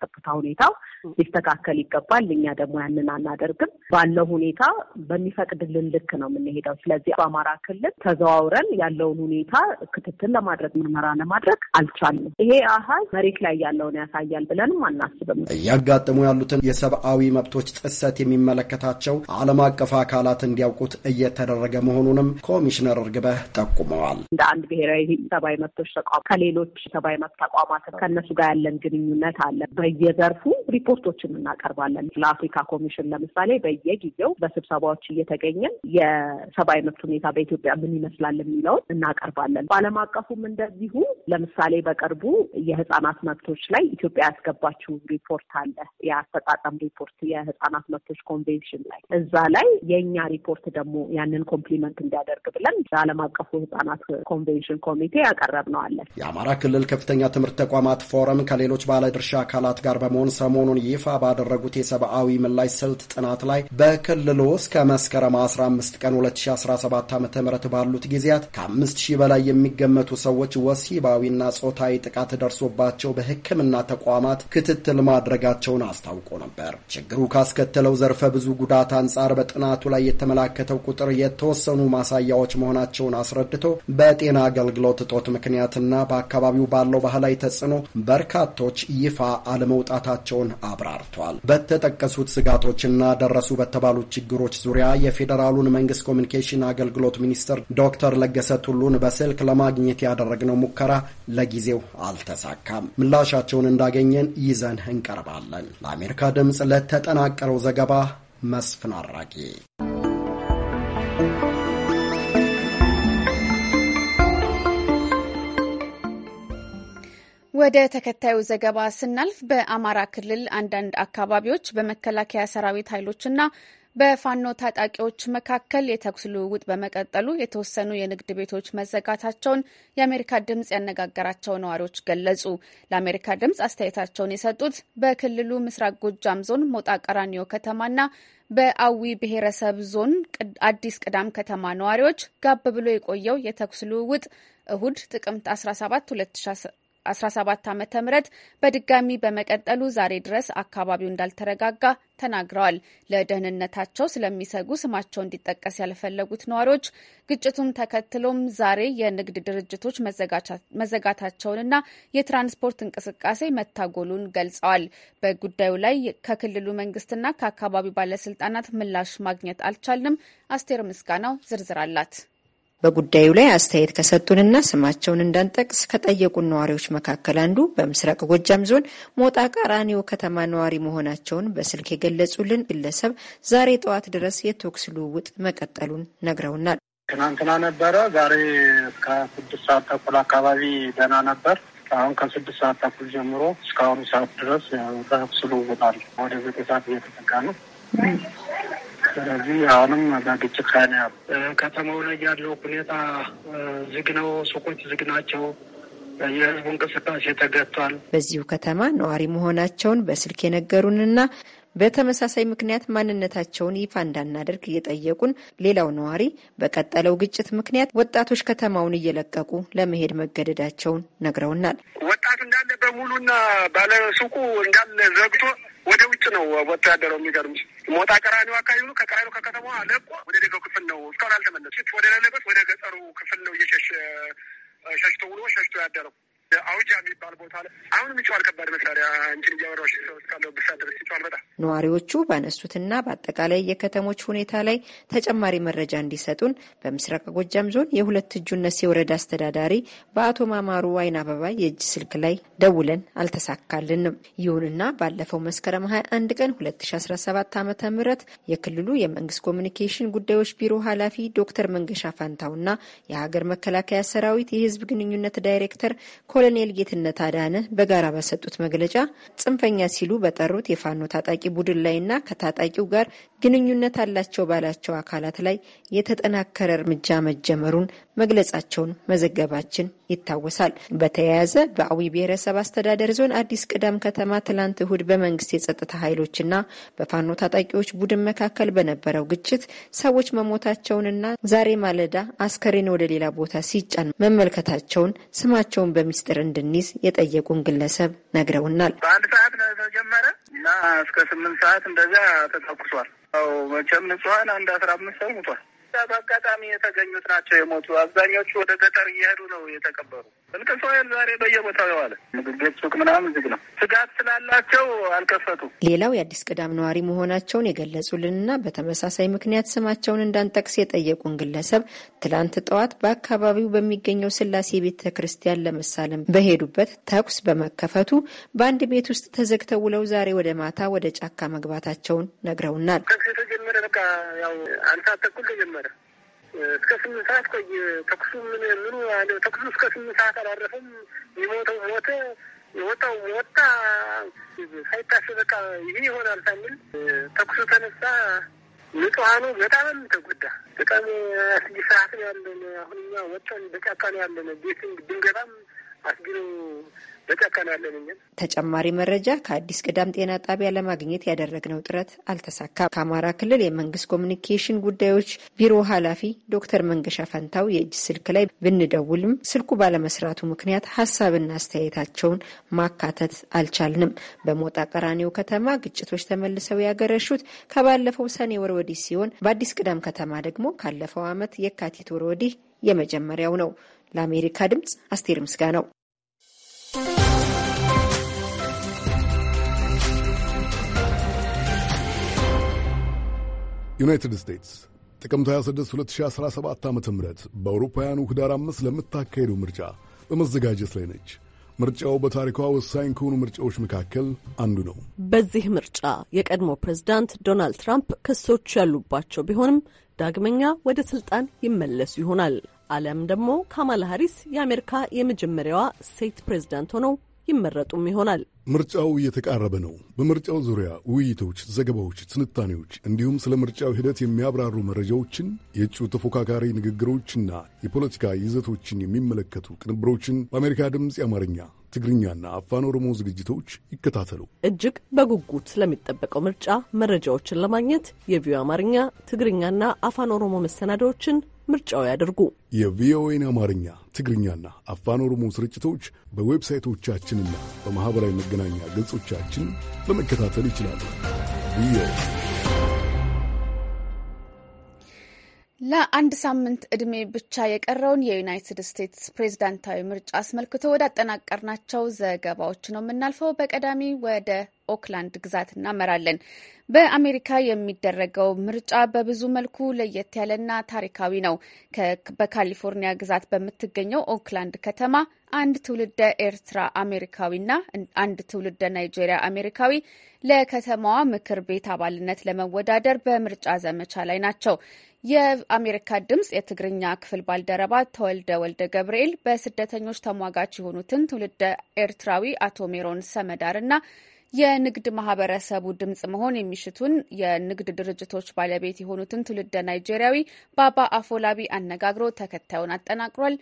ጸጥታ ሁኔታው ሊስተካከል ይገባል። እኛ ደግሞ ያንን አናደርግም። ባለው ሁኔታ በሚፈቅድልን ልክ ነው የምንሄደው። ስለዚህ በአማራ ክልል ተዘዋ ተዘዋውረን ያለውን ሁኔታ ክትትል ለማድረግ ምርመራ ለማድረግ አልቻለም። ይሄ አሃዝ መሬት ላይ ያለውን ያሳያል ብለንም አናስብም። እያጋጠሙ ያሉትን የሰብአዊ መብቶች ጥሰት የሚመለከታቸው ዓለም አቀፍ አካላት እንዲያውቁት እየተደረገ መሆኑንም ኮሚሽነር እርግበህ ጠቁመዋል። እንደ አንድ ብሔራዊ ሰብአዊ መብቶች ተቋም ከሌሎች ሰብአዊ መብት ተቋማት ከእነሱ ጋር ያለን ግንኙነት አለ። በየዘርፉ ሪፖርቶችን እናቀርባለን። ለአፍሪካ ኮሚሽን ለምሳሌ በየጊዜው በስብሰባዎች እየተገኘን የሰብአዊ መብት ሁኔታ በኢትዮጵያ ምን ይመስላል የሚለውን እናቀርባለን። በዓለም አቀፉም እንደዚሁ ለምሳሌ በቅርቡ የህጻናት መብቶች ላይ ኢትዮጵያ ያስገባችው ሪፖርት አለ። የአፈጻጸም ሪፖርት የህጻናት መብቶች ኮንቬንሽን ላይ እዛ ላይ የእኛ ሪፖርት ደግሞ ያንን ኮምፕሊመንት እንዲያደርግ ብለን ለዓለም አቀፉ ህጻናት ኮንቬንሽን ኮሚቴ ያቀረብነዋለን። የአማራ ክልል ከፍተኛ ትምህርት ተቋማት ፎረም ከሌሎች ባለድርሻ አካላት ጋር በመሆን ሰሙ ሰሞኑን ይፋ ባደረጉት የሰብአዊ ምላሽ ስልት ጥናት ላይ በክልሉ እስከ መስከረም 15 ቀን 2017 ዓ ም ባሉት ጊዜያት ከአምስት 5000 በላይ የሚገመቱ ሰዎች ወሲባዊና ጾታዊ ጥቃት ደርሶባቸው በሕክምና ተቋማት ክትትል ማድረጋቸውን አስታውቆ ነበር። ችግሩ ካስከተለው ዘርፈ ብዙ ጉዳት አንጻር በጥናቱ ላይ የተመላከተው ቁጥር የተወሰኑ ማሳያዎች መሆናቸውን አስረድቶ በጤና አገልግሎት እጦት ምክንያትና በአካባቢው ባለው ባህላዊ ተጽዕኖ በርካቶች ይፋ አለመውጣታቸውን መሆኑን አብራርቷል። በተጠቀሱት ስጋቶችና ደረሱ በተባሉ ችግሮች ዙሪያ የፌዴራሉን መንግስት ኮሚኒኬሽን አገልግሎት ሚኒስትር ዶክተር ለገሰ ቱሉን በስልክ ለማግኘት ያደረግነው ሙከራ ለጊዜው አልተሳካም። ምላሻቸውን እንዳገኘን ይዘን እንቀርባለን። ለአሜሪካ ድምፅ ለተጠናቀረው ዘገባ መስፍን አራጌ ወደ ተከታዩ ዘገባ ስናልፍ በአማራ ክልል አንዳንድ አካባቢዎች በመከላከያ ሰራዊት ኃይሎችና በፋኖ ታጣቂዎች መካከል የተኩስ ልውውጥ በመቀጠሉ የተወሰኑ የንግድ ቤቶች መዘጋታቸውን የአሜሪካ ድምፅ ያነጋገራቸው ነዋሪዎች ገለጹ። ለአሜሪካ ድምፅ አስተያየታቸውን የሰጡት በክልሉ ምስራቅ ጎጃም ዞን ሞጣ ቀራኒዮ ከተማና በአዊ ብሔረሰብ ዞን አዲስ ቅዳም ከተማ ነዋሪዎች ጋብ ብሎ የቆየው የተኩስ ልውውጥ እሁድ ጥቅምት 17 17 ዓ ም በድጋሚ በመቀጠሉ ዛሬ ድረስ አካባቢው እንዳልተረጋጋ ተናግረዋል። ለደህንነታቸው ስለሚሰጉ ስማቸው እንዲጠቀስ ያልፈለጉት ነዋሪዎች ግጭቱም ተከትሎም ዛሬ የንግድ ድርጅቶች መዘጋታቸውንና የትራንስፖርት እንቅስቃሴ መታጎሉን ገልጸዋል። በጉዳዩ ላይ ከክልሉ መንግስትና ከአካባቢው ባለስልጣናት ምላሽ ማግኘት አልቻልንም። አስቴር ምስጋናው ዝርዝር አላት። በጉዳዩ ላይ አስተያየት ከሰጡንና ስማቸውን እንዳንጠቅስ ከጠየቁን ነዋሪዎች መካከል አንዱ በምስራቅ ጎጃም ዞን ሞጣ ቃራኒዮ ከተማ ነዋሪ መሆናቸውን በስልክ የገለጹልን ግለሰብ ዛሬ ጠዋት ድረስ የተኩስ ልውውጥ መቀጠሉን ነግረውናል። ትናንትና ነበረ። ዛሬ እስከ ስድስት ሰዓት ተኩል አካባቢ ደህና ነበር። አሁን ከስድስት ሰዓት ተኩል ጀምሮ እስካሁኑ ሰዓት ድረስ ተኩስ ልውውጥ አለ። ወደ ዘጠኝ ሰዓት እየተጠጋ ነው። ስለዚህ አሁንም በግጭት ላይ ነው ያሉ። ከተማው ላይ ያለው ሁኔታ ዝግ ነው፣ ሱቆች ዝግ ናቸው። የህዝቡ እንቅስቃሴ ተገቷል። በዚሁ ከተማ ነዋሪ መሆናቸውን በስልክ የነገሩንና በተመሳሳይ ምክንያት ማንነታቸውን ይፋ እንዳናደርግ የጠየቁን ሌላው ነዋሪ በቀጠለው ግጭት ምክንያት ወጣቶች ከተማውን እየለቀቁ ለመሄድ መገደዳቸውን ነግረውናል። ወጣት እንዳለ በሙሉና ባለሱቁ እንዳለ ዘግቶ ወደ ውጭ ነው ወጥቶ ያደረው። የሚገርምሽ ሞጣ ቀራኒው አካባቢ ነው። ከቀራኒው ከከተማ ለቆ ወደ ደገው ክፍል ነው እስካሁን አልተመለሱት። ወደ ሌለበት ወደ ገጠሩ ክፍል ነው እየሸሸ ሸሽቶ ውሎ ሸሽቶ ያደረው። አውጃ የሚባል ቦታ ላይ አሁንም ይጨዋል። ከባድ መሳሪያ እንችን እያወራዎች ሰው እስካለው ብሳ ድረስ ይጨዋል። በጣም ነዋሪዎቹ ባነሱትና በአጠቃላይ የከተሞች ሁኔታ ላይ ተጨማሪ መረጃ እንዲሰጡን በምስራቅ ጎጃም ዞን የሁለት እጁነት የወረዳ አስተዳዳሪ በአቶ ማማሩ አይን አበባ የእጅ ስልክ ላይ ደውለን አልተሳካልንም። ይሁንና ባለፈው መስከረም 21 ቀን 2017 ዓ ም የክልሉ የመንግስት ኮሚኒኬሽን ጉዳዮች ቢሮ ኃላፊ ዶክተር መንገሻ ፋንታውና የሀገር መከላከያ ሰራዊት የህዝብ ግንኙነት ዳይሬክተር ኮሎኔል ጌትነት አዳነ በጋራ በሰጡት መግለጫ ጽንፈኛ ሲሉ በጠሩት የፋኖ ታጣቂ ቡድን ላይና ከታጣቂው ጋር ግንኙነት አላቸው ባላቸው አካላት ላይ የተጠናከረ እርምጃ መጀመሩን መግለጻቸውን መዘገባችን ይታወሳል። በተያያዘ በአዊ ብሔረሰብ አስተዳደር ዞን አዲስ ቅዳም ከተማ ትላንት እሁድ በመንግስት የጸጥታ ኃይሎችና በፋኖ ታጣቂዎች ቡድን መካከል በነበረው ግጭት ሰዎች መሞታቸውንና ዛሬ ማለዳ አስከሬን ወደ ሌላ ቦታ ሲጫን መመልከታቸውን ስማቸውን በሚስጥር እንድንይዝ የጠየቁን ግለሰብ ነግረውናል። በአንድ ሰዓት ነው የተጀመረ እና እስከ ስምንት ሰዓት እንደዚያ ተተኩሷል። መቼም ንጹሀን አንድ አስራ አምስት ሰው ሙቷል። በአጋጣሚ የተገኙት ናቸው የሞቱ። አብዛኛዎቹ ወደ ገጠር እየሄዱ ነው የተቀበሩ። እንቅልፍ ዛሬ በየቦታው የዋለ ምግብ ቤት፣ ሱቅ ምናምን ዝግ ነው። ስጋት ስላላቸው አልከፈቱ። ሌላው የአዲስ ቅዳም ነዋሪ መሆናቸውን የገለጹልንና በተመሳሳይ ምክንያት ስማቸውን እንዳንጠቅስ የጠየቁን ግለሰብ ትላንት ጠዋት በአካባቢው በሚገኘው ስላሴ ቤተ ክርስቲያን ለመሳለም በሄዱበት ተኩስ በመከፈቱ በአንድ ቤት ውስጥ ተዘግተው ውለው ዛሬ ወደ ማታ ወደ ጫካ መግባታቸውን ነግረውናል። ተኩስ የተጀመረ በቃ ያው አንድ ሰዓት ተኩል ተጀመረ እስከ ስምንት ሰዓት ቆየ። ተኩሱ ምን ምኑ አለ ተኩሱ እስከ ስምንት ሰዓት አላረፈም። የሞተው ሞተ፣ የወጣው ወጣ። ሳይታሰብ በቃ ይሄ ይሆናል ሳንል ተኩሱ ተነሳ። ንጹሐኑ በጣም ተጎዳ። በጣም ስድስት ሰዓት ነው ያለን። አሁን እኛ ወጣን፣ በጫካ ነው ያለን። ቤት ድንገባም አስጊሩ በጫካ ያለን። ተጨማሪ መረጃ ከአዲስ ቅዳም ጤና ጣቢያ ለማግኘት ያደረግነው ጥረት አልተሳካም። ከአማራ ክልል የመንግስት ኮሚኒኬሽን ጉዳዮች ቢሮ ኃላፊ ዶክተር መንገሻ ፈንታው የእጅ ስልክ ላይ ብንደውልም ስልኩ ባለመስራቱ ምክንያት ሀሳብና አስተያየታቸውን ማካተት አልቻልንም። በሞጣ ቀራኒው ከተማ ግጭቶች ተመልሰው ያገረሹት ከባለፈው ሰኔ ወር ወዲህ ሲሆን በአዲስ ቅዳም ከተማ ደግሞ ካለፈው ዓመት የካቲት ወር ወዲህ የመጀመሪያው ነው። ለአሜሪካ ድምፅ አስቴር ምስጋ ነው። ዩናይትድ ስቴትስ ጥቅምት 26 2017 ዓ ም በአውሮፓውያኑ ህዳር አምስት ለምታካሄደው ምርጫ በመዘጋጀት ላይ ነች። ምርጫው በታሪኳ ወሳኝ ከሆኑ ምርጫዎች መካከል አንዱ ነው። በዚህ ምርጫ የቀድሞ ፕሬዝዳንት ዶናልድ ትራምፕ ክሶች ያሉባቸው ቢሆንም ዳግመኛ ወደ ስልጣን ይመለሱ ይሆናል። አለም ደግሞ ካማላ ሀሪስ የአሜሪካ የመጀመሪያዋ ሴት ፕሬዝዳንት ሆነው ይመረጡም ይሆናል። ምርጫው እየተቃረበ ነው። በምርጫው ዙሪያ ውይይቶች፣ ዘገባዎች፣ ትንታኔዎች እንዲሁም ስለ ምርጫው ሂደት የሚያብራሩ መረጃዎችን የእጩ ተፎካካሪ ንግግሮችና የፖለቲካ ይዘቶችን የሚመለከቱ ቅንብሮችን በአሜሪካ ድምፅ የአማርኛ ትግርኛና አፋን ኦሮሞ ዝግጅቶች ይከታተሉ። እጅግ በጉጉት ስለሚጠበቀው ምርጫ መረጃዎችን ለማግኘት የቪዮ አማርኛ ትግርኛና አፋን ኦሮሞ መሰናዳዎችን ምርጫው ያደርጉ። የቪኦኤን አማርኛ፣ ትግርኛና አፋን ኦሮሞ ስርጭቶች በዌብሳይቶቻችንና በማኅበራዊ መገናኛ ገጾቻችን በመከታተል ይችላሉ። ለአንድ ሳምንት ዕድሜ ብቻ የቀረውን የዩናይትድ ስቴትስ ፕሬዝዳንታዊ ምርጫ አስመልክቶ ወዳጠናቀርናቸው ዘገባዎች ነው የምናልፈው። በቀዳሚ ወደ ኦክላንድ ግዛት እናመራለን። በአሜሪካ የሚደረገው ምርጫ በብዙ መልኩ ለየት ያለና ታሪካዊ ነው። በካሊፎርኒያ ግዛት በምትገኘው ኦክላንድ ከተማ አንድ ትውልደ ኤርትራ አሜሪካዊና አንድ ትውልደ ናይጄሪያ አሜሪካዊ ለከተማዋ ምክር ቤት አባልነት ለመወዳደር በምርጫ ዘመቻ ላይ ናቸው። የአሜሪካ ድምጽ የትግርኛ ክፍል ባልደረባ ተወልደ ወልደ ገብርኤል በስደተኞች ተሟጋች የሆኑትን ትውልደ ኤርትራዊ አቶ ሜሮን ሰመዳርና የንግድ ማህበረሰቡ ድምጽ መሆን የሚሽቱን የንግድ ድርጅቶች ባለቤት የሆኑትን ትውልደ ናይጄሪያዊ ባባ አፎላቢ አነጋግሮ ተከታዩን አጠናቅሯል።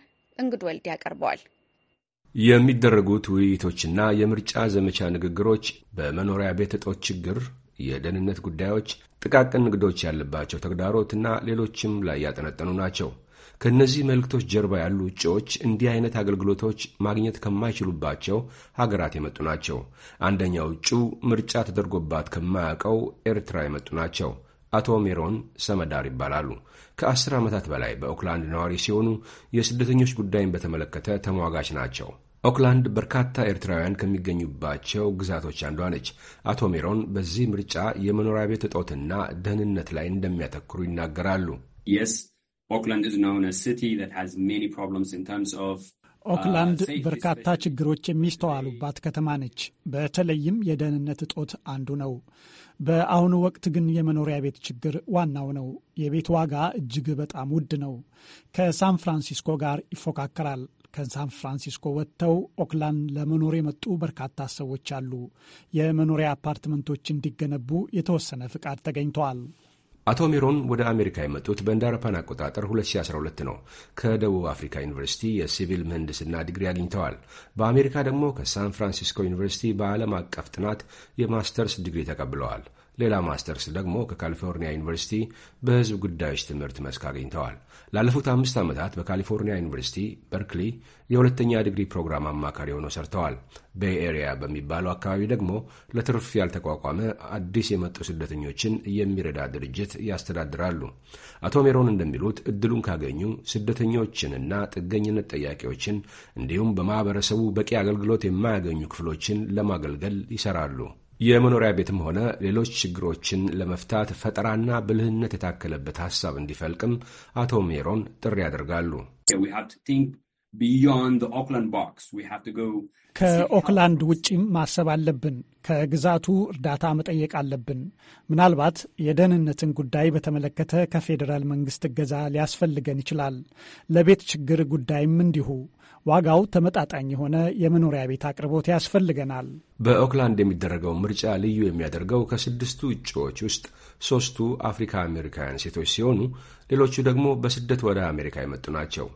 እንግድ ወልድ ያቀርበዋል። የሚደረጉት ውይይቶችና የምርጫ ዘመቻ ንግግሮች በመኖሪያ ቤት እጦት ችግር የደህንነት ጉዳዮች፣ ጥቃቅን ንግዶች ያለባቸው ተግዳሮትና ሌሎችም ላይ ያጠነጠኑ ናቸው። ከእነዚህ መልእክቶች ጀርባ ያሉ ውጭዎች እንዲህ አይነት አገልግሎቶች ማግኘት ከማይችሉባቸው ሀገራት የመጡ ናቸው። አንደኛው ውጩ ምርጫ ተደርጎባት ከማያውቀው ኤርትራ የመጡ ናቸው። አቶ ሜሮን ሰመዳር ይባላሉ። ከአስር ዓመታት በላይ በኦክላንድ ነዋሪ ሲሆኑ የስደተኞች ጉዳይን በተመለከተ ተሟጋች ናቸው። ኦክላንድ በርካታ ኤርትራውያን ከሚገኙባቸው ግዛቶች አንዷ ነች። አቶ ሜሮን በዚህ ምርጫ የመኖሪያ ቤት እጦትና ደህንነት ላይ እንደሚያተኩሩ ይናገራሉ። uh, ኦክላንድ በርካታ ችግሮች የሚስተዋሉባት ከተማ ነች። በተለይም የደህንነት እጦት አንዱ ነው። በአሁኑ ወቅት ግን የመኖሪያ ቤት ችግር ዋናው ነው። የቤት ዋጋ እጅግ በጣም ውድ ነው። ከሳን ፍራንሲስኮ ጋር ይፎካከራል። ከሳን ፍራንሲስኮ ወጥተው ኦክላንድ ለመኖር የመጡ በርካታ ሰዎች አሉ። የመኖሪያ አፓርትመንቶች እንዲገነቡ የተወሰነ ፍቃድ ተገኝተዋል። አቶ ሜሮን ወደ አሜሪካ የመጡት በእንደ አውሮፓውያን አቆጣጠር 2012 ነው። ከደቡብ አፍሪካ ዩኒቨርሲቲ የሲቪል ምህንድስና ዲግሪ አግኝተዋል። በአሜሪካ ደግሞ ከሳን ፍራንሲስኮ ዩኒቨርሲቲ በዓለም አቀፍ ጥናት የማስተርስ ዲግሪ ተቀብለዋል። ሌላ ማስተርስ ደግሞ ከካሊፎርኒያ ዩኒቨርሲቲ በሕዝብ ጉዳዮች ትምህርት መስክ አግኝተዋል። ላለፉት አምስት ዓመታት በካሊፎርኒያ ዩኒቨርሲቲ በርክሊ የሁለተኛ ዲግሪ ፕሮግራም አማካሪ ሆነው ሰርተዋል። ቤይ ኤሪያ በሚባለው አካባቢ ደግሞ ለትርፍ ያልተቋቋመ አዲስ የመጡ ስደተኞችን የሚረዳ ድርጅት ያስተዳድራሉ። አቶ ሜሮን እንደሚሉት እድሉን ካገኙ ስደተኞችንና ጥገኝነት ጠያቂዎችን እንዲሁም በማህበረሰቡ በቂ አገልግሎት የማያገኙ ክፍሎችን ለማገልገል ይሰራሉ። የመኖሪያ ቤትም ሆነ ሌሎች ችግሮችን ለመፍታት ፈጠራና ብልህነት የታከለበት ሀሳብ እንዲፈልቅም አቶ ሜሮን ጥሪ ያደርጋሉ። ከኦክላንድ ውጪም ማሰብ አለብን። ከግዛቱ እርዳታ መጠየቅ አለብን። ምናልባት የደህንነትን ጉዳይ በተመለከተ ከፌዴራል መንግስት እገዛ ሊያስፈልገን ይችላል። ለቤት ችግር ጉዳይም እንዲሁ ዋጋው ተመጣጣኝ የሆነ የመኖሪያ ቤት አቅርቦት ያስፈልገናል። በኦክላንድ የሚደረገው ምርጫ ልዩ የሚያደርገው ከስድስቱ እጩዎች ውስጥ ሶስቱ አፍሪካ አሜሪካውያን ሴቶች ሲሆኑ ሌሎቹ ደግሞ በስደት ወደ አሜሪካ የመጡ ናቸው።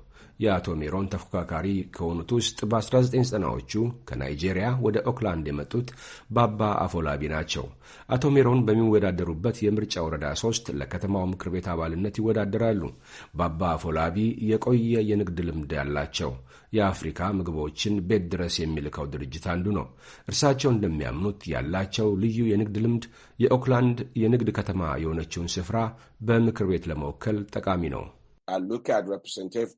የአቶ ሜሮን ተፎካካሪ ከሆኑት ውስጥ በ1990ዎቹ ከናይጄሪያ ወደ ኦክላንድ የመጡት ባባ አፎላቢ ናቸው። አቶ ሜሮን በሚወዳደሩበት የምርጫ ወረዳ ሶስት ለከተማው ምክር ቤት አባልነት ይወዳደራሉ። ባባ አፎላቢ የቆየ የንግድ ልምድ ያላቸው የአፍሪካ ምግቦችን ቤት ድረስ የሚልከው ድርጅት አንዱ ነው። እርሳቸው እንደሚያምኑት ያላቸው ልዩ የንግድ ልምድ የኦክላንድ የንግድ ከተማ የሆነችውን ስፍራ በምክር ቤት ለመወከል ጠቃሚ ነው I look at representative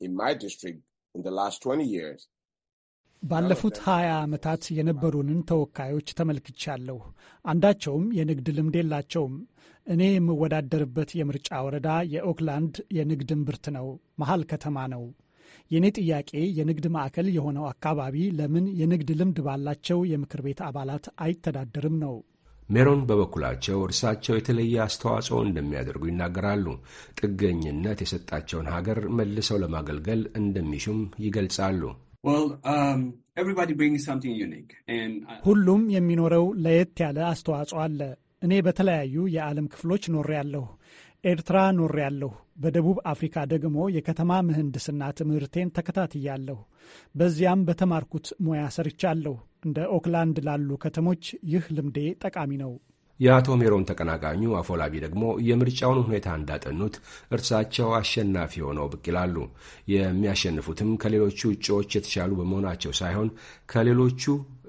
in my district in the last 20 years. ባለፉት 20 ዓመታት የነበሩንን ተወካዮች ተመልክቻለሁ። አንዳቸውም የንግድ ልምድ የላቸውም። እኔ የምወዳደርበት የምርጫ ወረዳ የኦክላንድ የንግድ እምብርት ነው፣ መሀል ከተማ ነው። የእኔ ጥያቄ የንግድ ማዕከል የሆነው አካባቢ ለምን የንግድ ልምድ ባላቸው የምክር ቤት አባላት አይተዳደርም ነው። ሜሮን በበኩላቸው እርሳቸው የተለየ አስተዋጽኦ እንደሚያደርጉ ይናገራሉ። ጥገኝነት የሰጣቸውን ሀገር መልሰው ለማገልገል እንደሚሹም ይገልጻሉ። um, ሁሉም የሚኖረው ለየት ያለ አስተዋጽኦ አለ። እኔ በተለያዩ የዓለም ክፍሎች ኖሬያለሁ። ኤርትራ ኖሬያለሁ። በደቡብ አፍሪካ ደግሞ የከተማ ምህንድስና ትምህርቴን ተከታትያለሁ። በዚያም በተማርኩት ሙያ ሰርቻለሁ። እንደ ኦክላንድ ላሉ ከተሞች ይህ ልምዴ ጠቃሚ ነው። የአቶ ሜሮን ተቀናቃኙ አፎላቢ ደግሞ የምርጫውን ሁኔታ እንዳጠኑት እርሳቸው አሸናፊ ሆነው ብቅ ይላሉ። የሚያሸንፉትም ከሌሎቹ እጩዎች የተሻሉ በመሆናቸው ሳይሆን ከሌሎቹ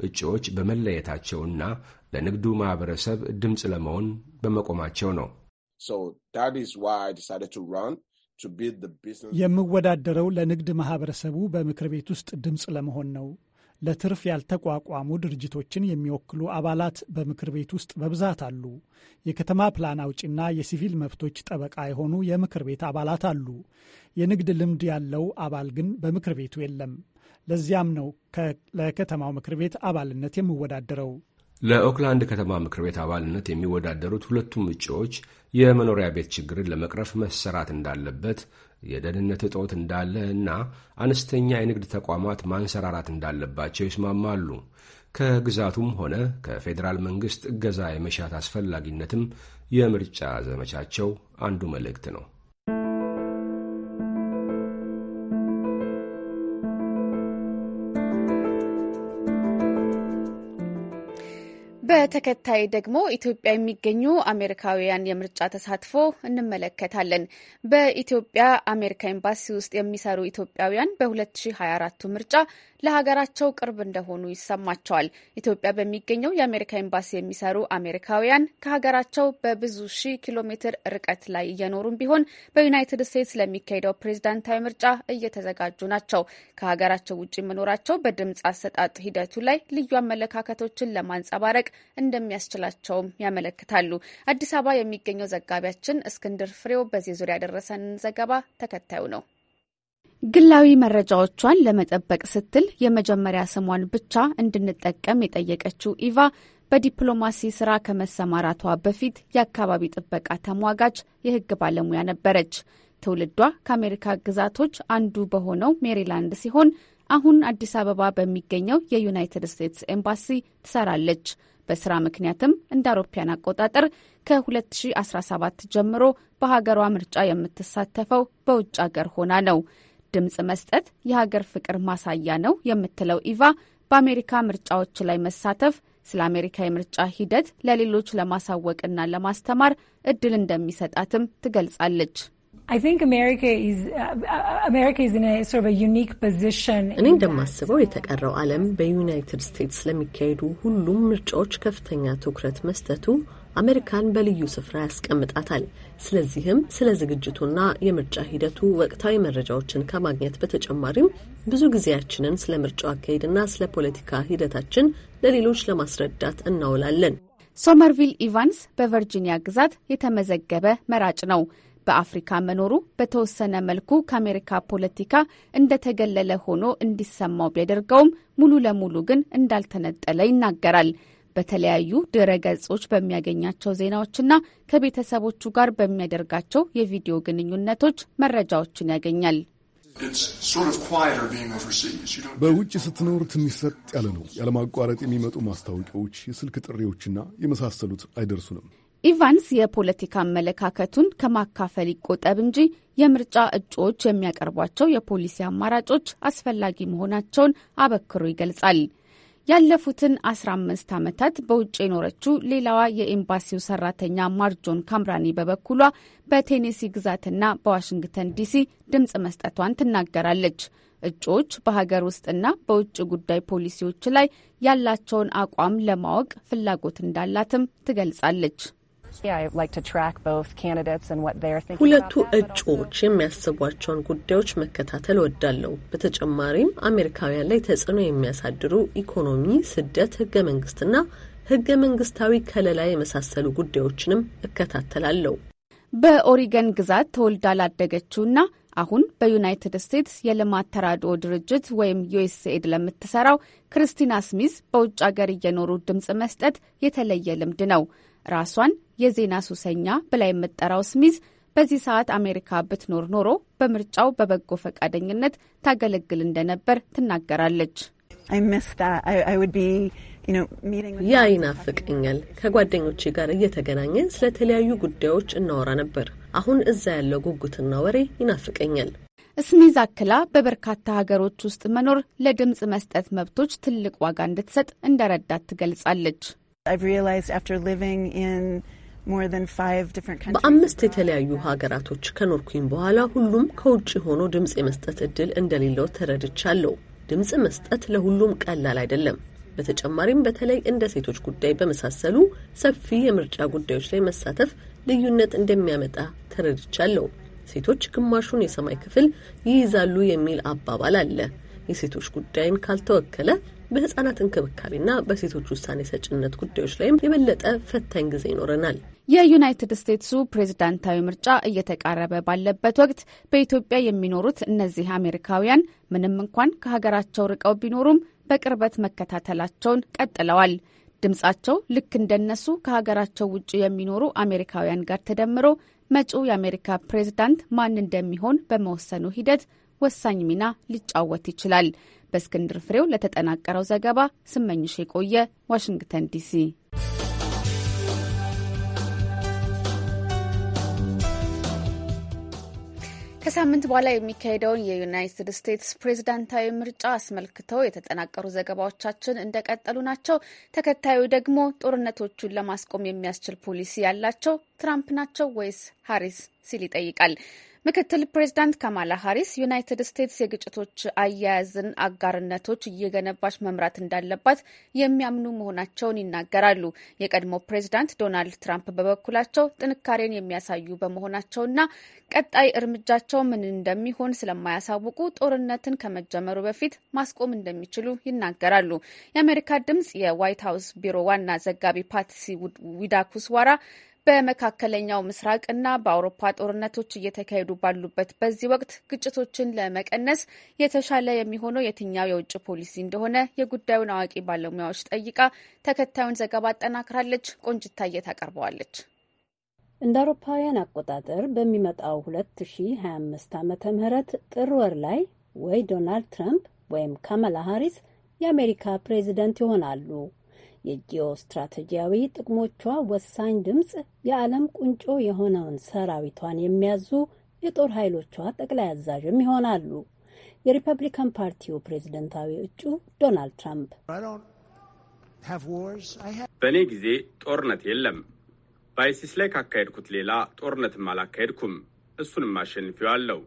እጩዎች በመለየታቸውና ለንግዱ ማህበረሰብ ድምፅ ለመሆን በመቆማቸው ነው። የምወዳደረው ለንግድ ማህበረሰቡ በምክር ቤት ውስጥ ድምፅ ለመሆን ነው። ለትርፍ ያልተቋቋሙ ድርጅቶችን የሚወክሉ አባላት በምክር ቤት ውስጥ በብዛት አሉ። የከተማ ፕላን አውጪና የሲቪል መብቶች ጠበቃ የሆኑ የምክር ቤት አባላት አሉ። የንግድ ልምድ ያለው አባል ግን በምክር ቤቱ የለም። ለዚያም ነው ለከተማው ምክር ቤት አባልነት የምወዳደረው። ለኦክላንድ ከተማ ምክር ቤት አባልነት የሚወዳደሩት ሁለቱም እጩዎች የመኖሪያ ቤት ችግርን ለመቅረፍ መሰራት እንዳለበት የደህንነት እጦት እንዳለ እና አነስተኛ የንግድ ተቋማት ማንሰራራት እንዳለባቸው ይስማማሉ። ከግዛቱም ሆነ ከፌዴራል መንግስት እገዛ የመሻት አስፈላጊነትም የምርጫ ዘመቻቸው አንዱ መልእክት ነው። በተከታይ ደግሞ ኢትዮጵያ የሚገኙ አሜሪካውያን የምርጫ ተሳትፎ እንመለከታለን። በኢትዮጵያ አሜሪካ ኤምባሲ ውስጥ የሚሰሩ ኢትዮጵያውያን በ2024 ምርጫ ለሀገራቸው ቅርብ እንደሆኑ ይሰማቸዋል። ኢትዮጵያ በሚገኘው የአሜሪካ ኤምባሲ የሚሰሩ አሜሪካውያን ከሀገራቸው በብዙ ሺህ ኪሎ ሜትር ርቀት ላይ እየኖሩም ቢሆን በዩናይትድ ስቴትስ ለሚካሄደው ፕሬዝዳንታዊ ምርጫ እየተዘጋጁ ናቸው። ከሀገራቸው ውጭ መኖራቸው በድምፅ አሰጣጥ ሂደቱ ላይ ልዩ አመለካከቶችን ለማንጸባረቅ እንደሚያስችላቸውም ያመለክታሉ። አዲስ አበባ የሚገኘው ዘጋቢያችን እስክንድር ፍሬው በዚህ ዙሪያ ያደረሰንን ዘገባ ተከታዩ ነው። ግላዊ መረጃዎቿን ለመጠበቅ ስትል የመጀመሪያ ስሟን ብቻ እንድንጠቀም የጠየቀችው ኢቫ በዲፕሎማሲ ስራ ከመሰማራቷ በፊት የአካባቢ ጥበቃ ተሟጋች የሕግ ባለሙያ ነበረች። ትውልዷ ከአሜሪካ ግዛቶች አንዱ በሆነው ሜሪላንድ ሲሆን አሁን አዲስ አበባ በሚገኘው የዩናይትድ ስቴትስ ኤምባሲ ትሰራለች። በስራ ምክንያትም እንደ አውሮፓያን አቆጣጠር ከ2017 ጀምሮ በሀገሯ ምርጫ የምትሳተፈው በውጭ አገር ሆና ነው። ድምፅ መስጠት የሀገር ፍቅር ማሳያ ነው የምትለው ኢቫ በአሜሪካ ምርጫዎች ላይ መሳተፍ ስለ አሜሪካ የምርጫ ሂደት ለሌሎች ለማሳወቅና ለማስተማር እድል እንደሚሰጣትም ትገልጻለች። uh, እኔ እንደማስበው የተቀረው ዓለም በዩናይትድ ስቴትስ ለሚካሄዱ ሁሉም ምርጫዎች ከፍተኛ ትኩረት መስጠቱ አሜሪካን በልዩ ስፍራ ያስቀምጣታል። ስለዚህም ስለ ዝግጅቱና የምርጫ ሂደቱ ወቅታዊ መረጃዎችን ከማግኘት በተጨማሪም ብዙ ጊዜያችንን ስለ ምርጫው አካሄድና ስለ ፖለቲካ ሂደታችን ለሌሎች ለማስረዳት እናውላለን። ሶመርቪል ኢቫንስ በቨርጂኒያ ግዛት የተመዘገበ መራጭ ነው። በአፍሪካ መኖሩ በተወሰነ መልኩ ከአሜሪካ ፖለቲካ እንደተገለለ ሆኖ እንዲሰማው ቢያደርገውም ሙሉ ለሙሉ ግን እንዳልተነጠለ ይናገራል። በተለያዩ ድረ ገጾች በሚያገኛቸው ዜናዎችና ከቤተሰቦቹ ጋር በሚያደርጋቸው የቪዲዮ ግንኙነቶች መረጃዎችን ያገኛል። በውጭ ስትኖር ትንሽ ሰጥ ያለ ነው። ያለማቋረጥ የሚመጡ ማስታወቂያዎች፣ የስልክ ጥሪዎችና የመሳሰሉት አይደርሱንም። ኢቫንስ የፖለቲካ አመለካከቱን ከማካፈል ይቆጠብ እንጂ የምርጫ እጩዎች የሚያቀርቧቸው የፖሊሲ አማራጮች አስፈላጊ መሆናቸውን አበክሮ ይገልጻል። ያለፉትን 15 ዓመታት በውጭ የኖረችው ሌላዋ የኤምባሲው ሰራተኛ ማርጆን ካምራኒ በበኩሏ በቴኔሲ ግዛትና በዋሽንግተን ዲሲ ድምፅ መስጠቷን ትናገራለች። እጩዎች በሀገር ውስጥና በውጭ ጉዳይ ፖሊሲዎች ላይ ያላቸውን አቋም ለማወቅ ፍላጎት እንዳላትም ትገልጻለች። ሁለቱ እጩዎች የሚያስቧቸውን ጉዳዮች መከታተል ወዳለው በተጨማሪም አሜሪካውያን ላይ ተጽዕኖ የሚያሳድሩ ኢኮኖሚ፣ ስደት፣ ህገ መንግስትና ህገ መንግስታዊ ከለላ የመሳሰሉ ጉዳዮችንም እከታተላለሁ። በኦሪገን ግዛት ተወልዳ ላደገችውና አሁን በዩናይትድ ስቴትስ የልማት ተራድኦ ድርጅት ወይም ዩኤስኤድ ለምትሰራው ክርስቲና ስሚዝ በውጭ አገር እየኖሩ ድምፅ መስጠት የተለየ ልምድ ነው። ራሷን የዜና ሱሰኛ ብላ የምጠራው ስሚዝ በዚህ ሰዓት አሜሪካ ብትኖር ኖሮ በምርጫው በበጎ ፈቃደኝነት ታገለግል እንደነበር ትናገራለች። ያ ይናፍቀኛል። ከጓደኞቼ ጋር እየተገናኘን ስለተለያዩ ጉዳዮች እናወራ ነበር። አሁን እዛ ያለው ጉጉትና ወሬ ይናፍቀኛል። ስሚዝ አክላ በበርካታ ሀገሮች ውስጥ መኖር ለድምፅ መስጠት መብቶች ትልቅ ዋጋ እንድትሰጥ እንደረዳት ትገልጻለች። በአምስት የተለያዩ ሀገራቶች ከኖርኩኝ በኋላ ሁሉም ከውጭ ሆኖ ድምፅ የመስጠት እድል እንደሌለው ተረድቻለሁ። ድምፅ መስጠት ለሁሉም ቀላል አይደለም። በተጨማሪም በተለይ እንደ ሴቶች ጉዳይ በመሳሰሉ ሰፊ የምርጫ ጉዳዮች ላይ መሳተፍ ልዩነት እንደሚያመጣ ተረድቻለሁ። ሴቶች ግማሹን የሰማይ ክፍል ይይዛሉ የሚል አባባል አለ። የሴቶች ጉዳይን ካልተወከለ በህጻናት እንክብካቤና በሴቶች ውሳኔ ሰጭነት ጉዳዮች ላይም የበለጠ ፈታኝ ጊዜ ይኖረናል። የዩናይትድ ስቴትሱ ፕሬዝዳንታዊ ምርጫ እየተቃረበ ባለበት ወቅት በኢትዮጵያ የሚኖሩት እነዚህ አሜሪካውያን ምንም እንኳን ከሀገራቸው ርቀው ቢኖሩም በቅርበት መከታተላቸውን ቀጥለዋል። ድምጻቸው ልክ እንደነሱ ከሀገራቸው ውጭ የሚኖሩ አሜሪካውያን ጋር ተደምሮ መጪው የአሜሪካ ፕሬዝዳንት ማን እንደሚሆን በመወሰኑ ሂደት ወሳኝ ሚና ሊጫወት ይችላል። በእስክንድር ፍሬው ለተጠናቀረው ዘገባ ስመኝሽ የቆየ ዋሽንግተን ዲሲ። ከሳምንት በኋላ የሚካሄደውን የዩናይትድ ስቴትስ ፕሬዝዳንታዊ ምርጫ አስመልክተው የተጠናቀሩ ዘገባዎቻችን እንደቀጠሉ ናቸው። ተከታዩ ደግሞ ጦርነቶቹን ለማስቆም የሚያስችል ፖሊሲ ያላቸው ትራምፕ ናቸው ወይስ ሀሪስ ሲል ይጠይቃል። ምክትል ፕሬዚዳንት ካማላ ሀሪስ ዩናይትድ ስቴትስ የግጭቶች አያያዝን አጋርነቶች እየገነባች መምራት እንዳለባት የሚያምኑ መሆናቸውን ይናገራሉ። የቀድሞ ፕሬዚዳንት ዶናልድ ትራምፕ በበኩላቸው ጥንካሬን የሚያሳዩ በመሆናቸውና ቀጣይ እርምጃቸው ምን እንደሚሆን ስለማያሳውቁ ጦርነትን ከመጀመሩ በፊት ማስቆም እንደሚችሉ ይናገራሉ። የአሜሪካ ድምጽ የዋይት ሀውስ ቢሮ ዋና ዘጋቢ ፓትሲ ዋራ በመካከለኛው ምስራቅ እና በአውሮፓ ጦርነቶች እየተካሄዱ ባሉበት በዚህ ወቅት ግጭቶችን ለመቀነስ የተሻለ የሚሆነው የትኛው የውጭ ፖሊሲ እንደሆነ የጉዳዩን አዋቂ ባለሙያዎች ጠይቃ ተከታዩን ዘገባ አጠናክራለች። ቆንጅታዬ ታቀርበዋለች። እንደ አውሮፓውያን አቆጣጠር በሚመጣው 2025 ዓ ም ጥር ወር ላይ ወይ ዶናልድ ትራምፕ ወይም ካማላ ሃሪስ የአሜሪካ ፕሬዚደንት ይሆናሉ። የጂኦ ስትራቴጂያዊ ጥቅሞቿ ወሳኝ ድምፅ የዓለም ቁንጮ የሆነውን ሰራዊቷን የሚያዙ የጦር ኃይሎቿ ጠቅላይ አዛዥም ይሆናሉ። የሪፐብሊካን ፓርቲው ፕሬዝደንታዊ እጩ ዶናልድ ትራምፕ በእኔ ጊዜ ጦርነት የለም። በአይሲስ ላይ ካካሄድኩት ሌላ ጦርነትም አላካሄድኩም። እሱንም አሸንፊዋለሁ።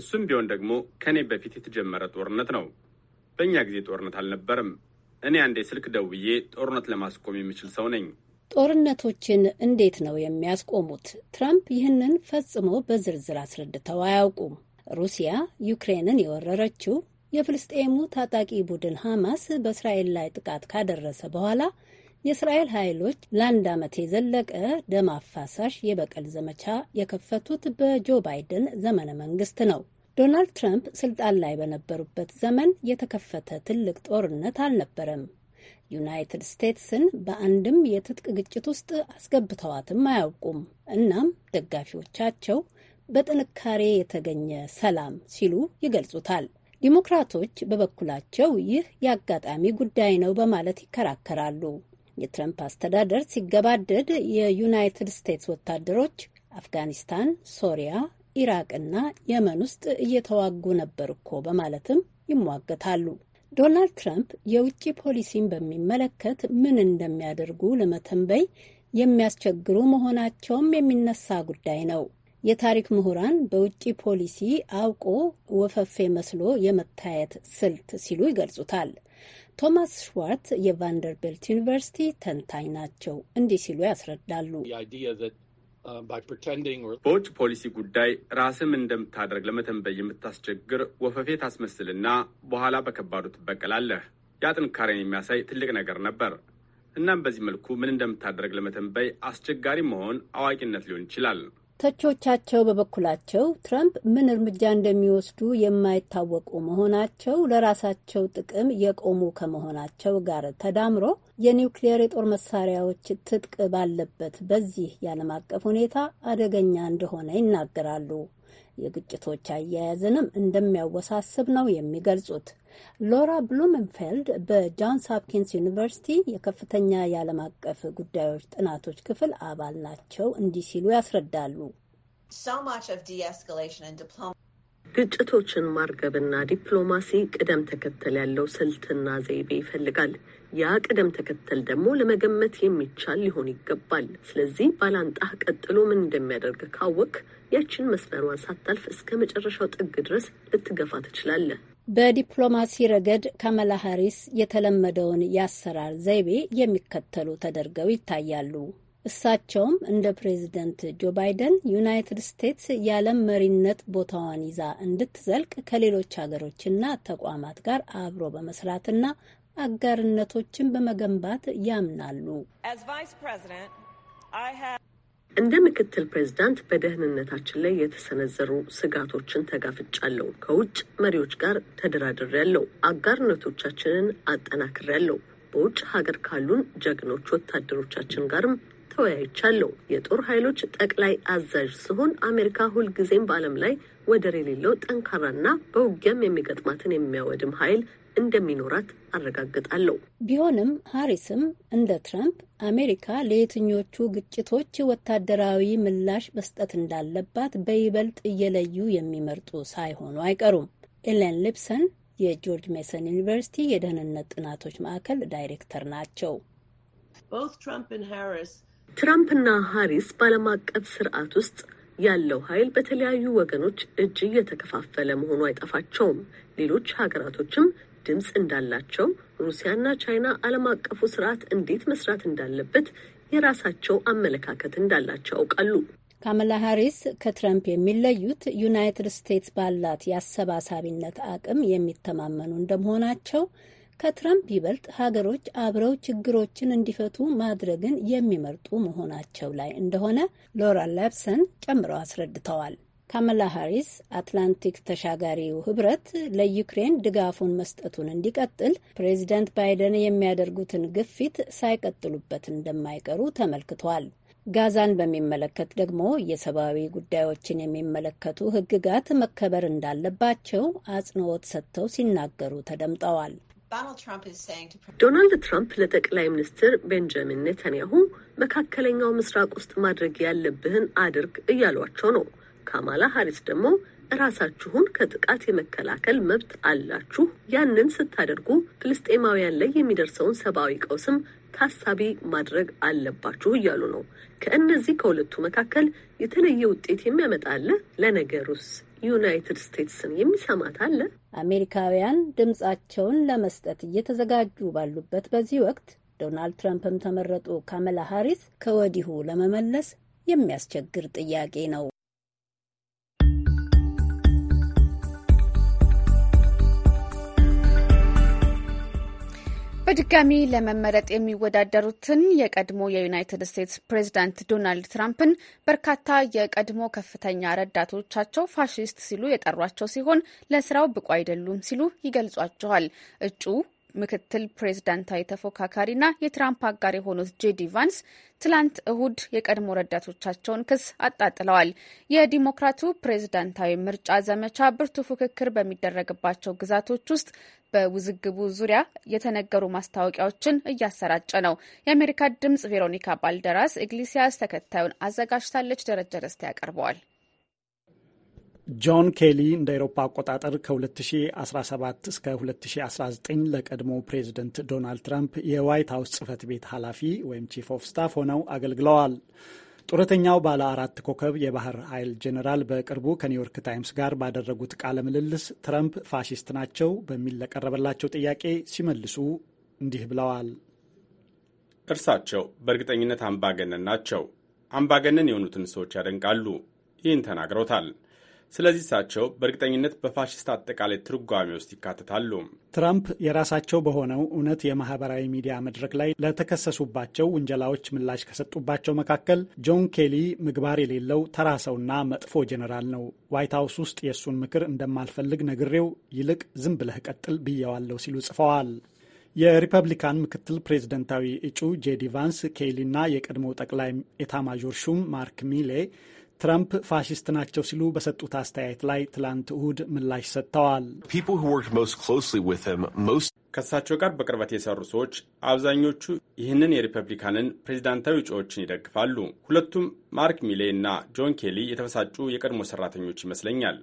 እሱም ቢሆን ደግሞ ከእኔ በፊት የተጀመረ ጦርነት ነው። በእኛ ጊዜ ጦርነት አልነበረም። እኔ አንዴ ስልክ ደውዬ ጦርነት ለማስቆም የሚችል ሰው ነኝ። ጦርነቶችን እንዴት ነው የሚያስቆሙት? ትራምፕ ይህንን ፈጽሞ በዝርዝር አስረድተው አያውቁም። ሩሲያ ዩክሬንን የወረረችው የፍልስጤሙ ታጣቂ ቡድን ሐማስ በእስራኤል ላይ ጥቃት ካደረሰ በኋላ የእስራኤል ኃይሎች ለአንድ ዓመት የዘለቀ ደም አፋሳሽ የበቀል ዘመቻ የከፈቱት በጆ ባይደን ዘመነ መንግስት ነው። ዶናልድ ትራምፕ ስልጣን ላይ በነበሩበት ዘመን የተከፈተ ትልቅ ጦርነት አልነበረም። ዩናይትድ ስቴትስን በአንድም የትጥቅ ግጭት ውስጥ አስገብተዋትም አያውቁም። እናም ደጋፊዎቻቸው በጥንካሬ የተገኘ ሰላም ሲሉ ይገልጹታል። ዲሞክራቶች በበኩላቸው ይህ የአጋጣሚ ጉዳይ ነው በማለት ይከራከራሉ። የትረምፕ አስተዳደር ሲገባደድ የዩናይትድ ስቴትስ ወታደሮች አፍጋኒስታን፣ ሶሪያ፣ ኢራቅና የመን ውስጥ እየተዋጉ ነበር እኮ በማለትም ይሟገታሉ። ዶናልድ ትራምፕ የውጭ ፖሊሲን በሚመለከት ምን እንደሚያደርጉ ለመተንበይ የሚያስቸግሩ መሆናቸውም የሚነሳ ጉዳይ ነው። የታሪክ ምሁራን በውጭ ፖሊሲ አውቆ ወፈፌ መስሎ የመታየት ስልት ሲሉ ይገልጹታል። ቶማስ ሽዋርት የቫንደርቤልት ዩኒቨርሲቲ ተንታኝ ናቸው። እንዲህ ሲሉ ያስረዳሉ። በውጭ ፖሊሲ ጉዳይ ራስም እንደምታደርግ ለመተንበይ የምታስቸግር ወፈፌ ታስመስልና በኋላ በከባዱ ትበቀላለህ። ያ ጥንካሬን የሚያሳይ ትልቅ ነገር ነበር። እናም በዚህ መልኩ ምን እንደምታደርግ ለመተንበይ አስቸጋሪ መሆን አዋቂነት ሊሆን ይችላል። ተቾቻቸው በበኩላቸው ትራምፕ ምን እርምጃ እንደሚወስዱ የማይታወቁ መሆናቸው ለራሳቸው ጥቅም የቆሙ ከመሆናቸው ጋር ተዳምሮ የኒውክሌር የጦር መሳሪያዎች ትጥቅ ባለበት በዚህ የዓለም አቀፍ ሁኔታ አደገኛ እንደሆነ ይናገራሉ። የግጭቶች አያያዝንም እንደሚያወሳስብ ነው የሚገልጹት። ሎራ ብሉምንፌልድ በጆንስ ሀፕኪንስ ዩኒቨርሲቲ የከፍተኛ የዓለም አቀፍ ጉዳዮች ጥናቶች ክፍል አባል ናቸው። እንዲህ ሲሉ ያስረዳሉ። ግጭቶችን ማርገብና ዲፕሎማሲ ቅደም ተከተል ያለው ስልትና ዘይቤ ይፈልጋል። ያ ቅደም ተከተል ደግሞ ለመገመት የሚቻል ሊሆን ይገባል። ስለዚህ ባላንጣህ ቀጥሎ ምን እንደሚያደርግ ካወቅ ያችን መስመሯን ሳታልፍ እስከ መጨረሻው ጥግ ድረስ ልትገፋ ትችላለህ። በዲፕሎማሲ ረገድ ካማላ ሃሪስ የተለመደውን የአሰራር ዘይቤ የሚከተሉ ተደርገው ይታያሉ። እሳቸውም እንደ ፕሬዚደንት ጆ ባይደን ዩናይትድ ስቴትስ የዓለም መሪነት ቦታዋን ይዛ እንድትዘልቅ ከሌሎች ሀገሮችና ተቋማት ጋር አብሮ በመስራትና አጋርነቶችን በመገንባት ያምናሉ። እንደ ምክትል ፕሬዚዳንት በደህንነታችን ላይ የተሰነዘሩ ስጋቶችን ተጋፍጫለሁ። ከውጭ መሪዎች ጋር ተደራድሬያለሁ። አጋርነቶቻችንን አጠናክሬያለሁ። በውጭ ሀገር ካሉን ጀግኖች ወታደሮቻችን ጋርም ተወያይቻለሁ። የጦር ኃይሎች ጠቅላይ አዛዥ ሲሆን አሜሪካ ሁልጊዜም በዓለም ላይ ወደር የሌለው ጠንካራና በውጊያም የሚገጥማትን የሚያወድም ኃይል እንደሚኖራት አረጋግጣለሁ። ቢሆንም ሀሪስም እንደ ትራምፕ አሜሪካ ለየትኞቹ ግጭቶች ወታደራዊ ምላሽ መስጠት እንዳለባት በይበልጥ እየለዩ የሚመርጡ ሳይሆኑ አይቀሩም። ኤለን ሊፕሰን የጆርጅ ሜሰን ዩኒቨርሲቲ የደህንነት ጥናቶች ማዕከል ዳይሬክተር ናቸው። ቦዝ ትራምፕ ሃሪስ ትራምፕና ሀሪስ በዓለም አቀፍ ስርዓት ውስጥ ያለው ኃይል በተለያዩ ወገኖች እጅ እየተከፋፈለ መሆኑ አይጠፋቸውም። ሌሎች ሀገራቶችም ድምፅ እንዳላቸው ሩሲያና ቻይና ዓለም አቀፉ ስርዓት እንዴት መስራት እንዳለበት የራሳቸው አመለካከት እንዳላቸው ያውቃሉ። ካመላ ሀሪስ ከትረምፕ የሚለዩት ዩናይትድ ስቴትስ ባላት የአሰባሳቢነት አቅም የሚተማመኑ እንደመሆናቸው ከትራምፕ ይበልጥ ሀገሮች አብረው ችግሮችን እንዲፈቱ ማድረግን የሚመርጡ መሆናቸው ላይ እንደሆነ ሎራ ላፕሰን ጨምረው አስረድተዋል። ካመላ ሃሪስ አትላንቲክ ተሻጋሪው ህብረት ለዩክሬን ድጋፉን መስጠቱን እንዲቀጥል ፕሬዚደንት ባይደን የሚያደርጉትን ግፊት ሳይቀጥሉበት እንደማይቀሩ ተመልክቷል። ጋዛን በሚመለከት ደግሞ የሰብአዊ ጉዳዮችን የሚመለከቱ ህግጋት መከበር እንዳለባቸው አጽንኦት ሰጥተው ሲናገሩ ተደምጠዋል። ዶናልድ ትራምፕ ለጠቅላይ ሚኒስትር ቤንጃሚን ኔታንያሁ መካከለኛው ምስራቅ ውስጥ ማድረግ ያለብህን አድርግ እያሏቸው ነው። ካማላ ሀሪስ ደግሞ እራሳችሁን ከጥቃት የመከላከል መብት አላችሁ፣ ያንን ስታደርጉ ፍልስጤማውያን ላይ የሚደርሰውን ሰብአዊ ቀውስም ታሳቢ ማድረግ አለባችሁ እያሉ ነው። ከእነዚህ ከሁለቱ መካከል የተለየ ውጤት የሚያመጣልህ ለነገሩስ ዩናይትድ ስቴትስን የሚሰማት አለ? አሜሪካውያን ድምጻቸውን ለመስጠት እየተዘጋጁ ባሉበት በዚህ ወቅት ዶናልድ ትራምፕም ተመረጡ ካመላ ሃሪስ ከወዲሁ ለመመለስ የሚያስቸግር ጥያቄ ነው። በድጋሚ ለመመረጥ የሚወዳደሩትን የቀድሞ የዩናይትድ ስቴትስ ፕሬዚዳንት ዶናልድ ትራምፕን በርካታ የቀድሞ ከፍተኛ ረዳቶቻቸው ፋሽስት ሲሉ የጠሯቸው ሲሆን ለስራው ብቁ አይደሉም ሲሉ ይገልጿቸዋል። እጩ ምክትል ፕሬዝዳንታዊ ተፎካካሪና የትራምፕ አጋር የሆኑት ጄዲ ቫንስ ትላንት እሁድ የቀድሞ ረዳቶቻቸውን ክስ አጣጥለዋል። የዲሞክራቱ ፕሬዝዳንታዊ ምርጫ ዘመቻ ብርቱ ፉክክር በሚደረግባቸው ግዛቶች ውስጥ በውዝግቡ ዙሪያ የተነገሩ ማስታወቂያዎችን እያሰራጨ ነው። የአሜሪካ ድምጽ ቬሮኒካ ባልደራስ ኢግሊሲያስ ተከታዩን አዘጋጅታለች። ደረጃ ደስታ ያቀርበዋል። ጆን ኬሊ እንደ ኤሮፓ አቆጣጠር ከ2017 እስከ 2019 ለቀድሞ ፕሬዚደንት ዶናልድ ትራምፕ የዋይት ሀውስ ጽህፈት ቤት ኃላፊ ወይም ቺፍ ኦፍ ስታፍ ሆነው አገልግለዋል። ጡረተኛው ባለ አራት ኮከብ የባህር ኃይል ጄኔራል በቅርቡ ከኒውዮርክ ታይምስ ጋር ባደረጉት ቃለ ምልልስ ትራምፕ ፋሺስት ናቸው በሚል ለቀረበላቸው ጥያቄ ሲመልሱ እንዲህ ብለዋል። እርሳቸው በእርግጠኝነት አምባገነን ናቸው። አምባገነን የሆኑትን ሰዎች ያደንቃሉ። ይህን ተናግረውታል። ስለዚህ እሳቸው በእርግጠኝነት በፋሽስት አጠቃላይ ትርጓሜ ውስጥ ይካተታሉ። ትራምፕ የራሳቸው በሆነው እውነት የማህበራዊ ሚዲያ መድረክ ላይ ለተከሰሱባቸው ውንጀላዎች ምላሽ ከሰጡባቸው መካከል ጆን ኬሊ ምግባር የሌለው ተራ ሰውና መጥፎ ጀኔራል ነው። ዋይት ሀውስ ውስጥ የእሱን ምክር እንደማልፈልግ ነግሬው ይልቅ ዝም ብለህ ቀጥል ብየዋለሁ ሲሉ ጽፈዋል። የሪፐብሊካን ምክትል ፕሬዝደንታዊ እጩ ጄዲ ቫንስ ኬሊና የቀድሞው ጠቅላይ ኤታማዦር ሹም ማርክ ሚሌ ትራምፕ ፋሽስት ናቸው ሲሉ በሰጡት አስተያየት ላይ ትላንት እሁድ ምላሽ ሰጥተዋል። ከእሳቸው ጋር በቅርበት የሰሩ ሰዎች አብዛኞቹ ይህንን የሪፐብሊካንን ፕሬዚዳንታዊ እጩዎችን ይደግፋሉ። ሁለቱም ማርክ ሚሌ እና ጆን ኬሊ የተበሳጩ የቀድሞ ሰራተኞች ይመስለኛል።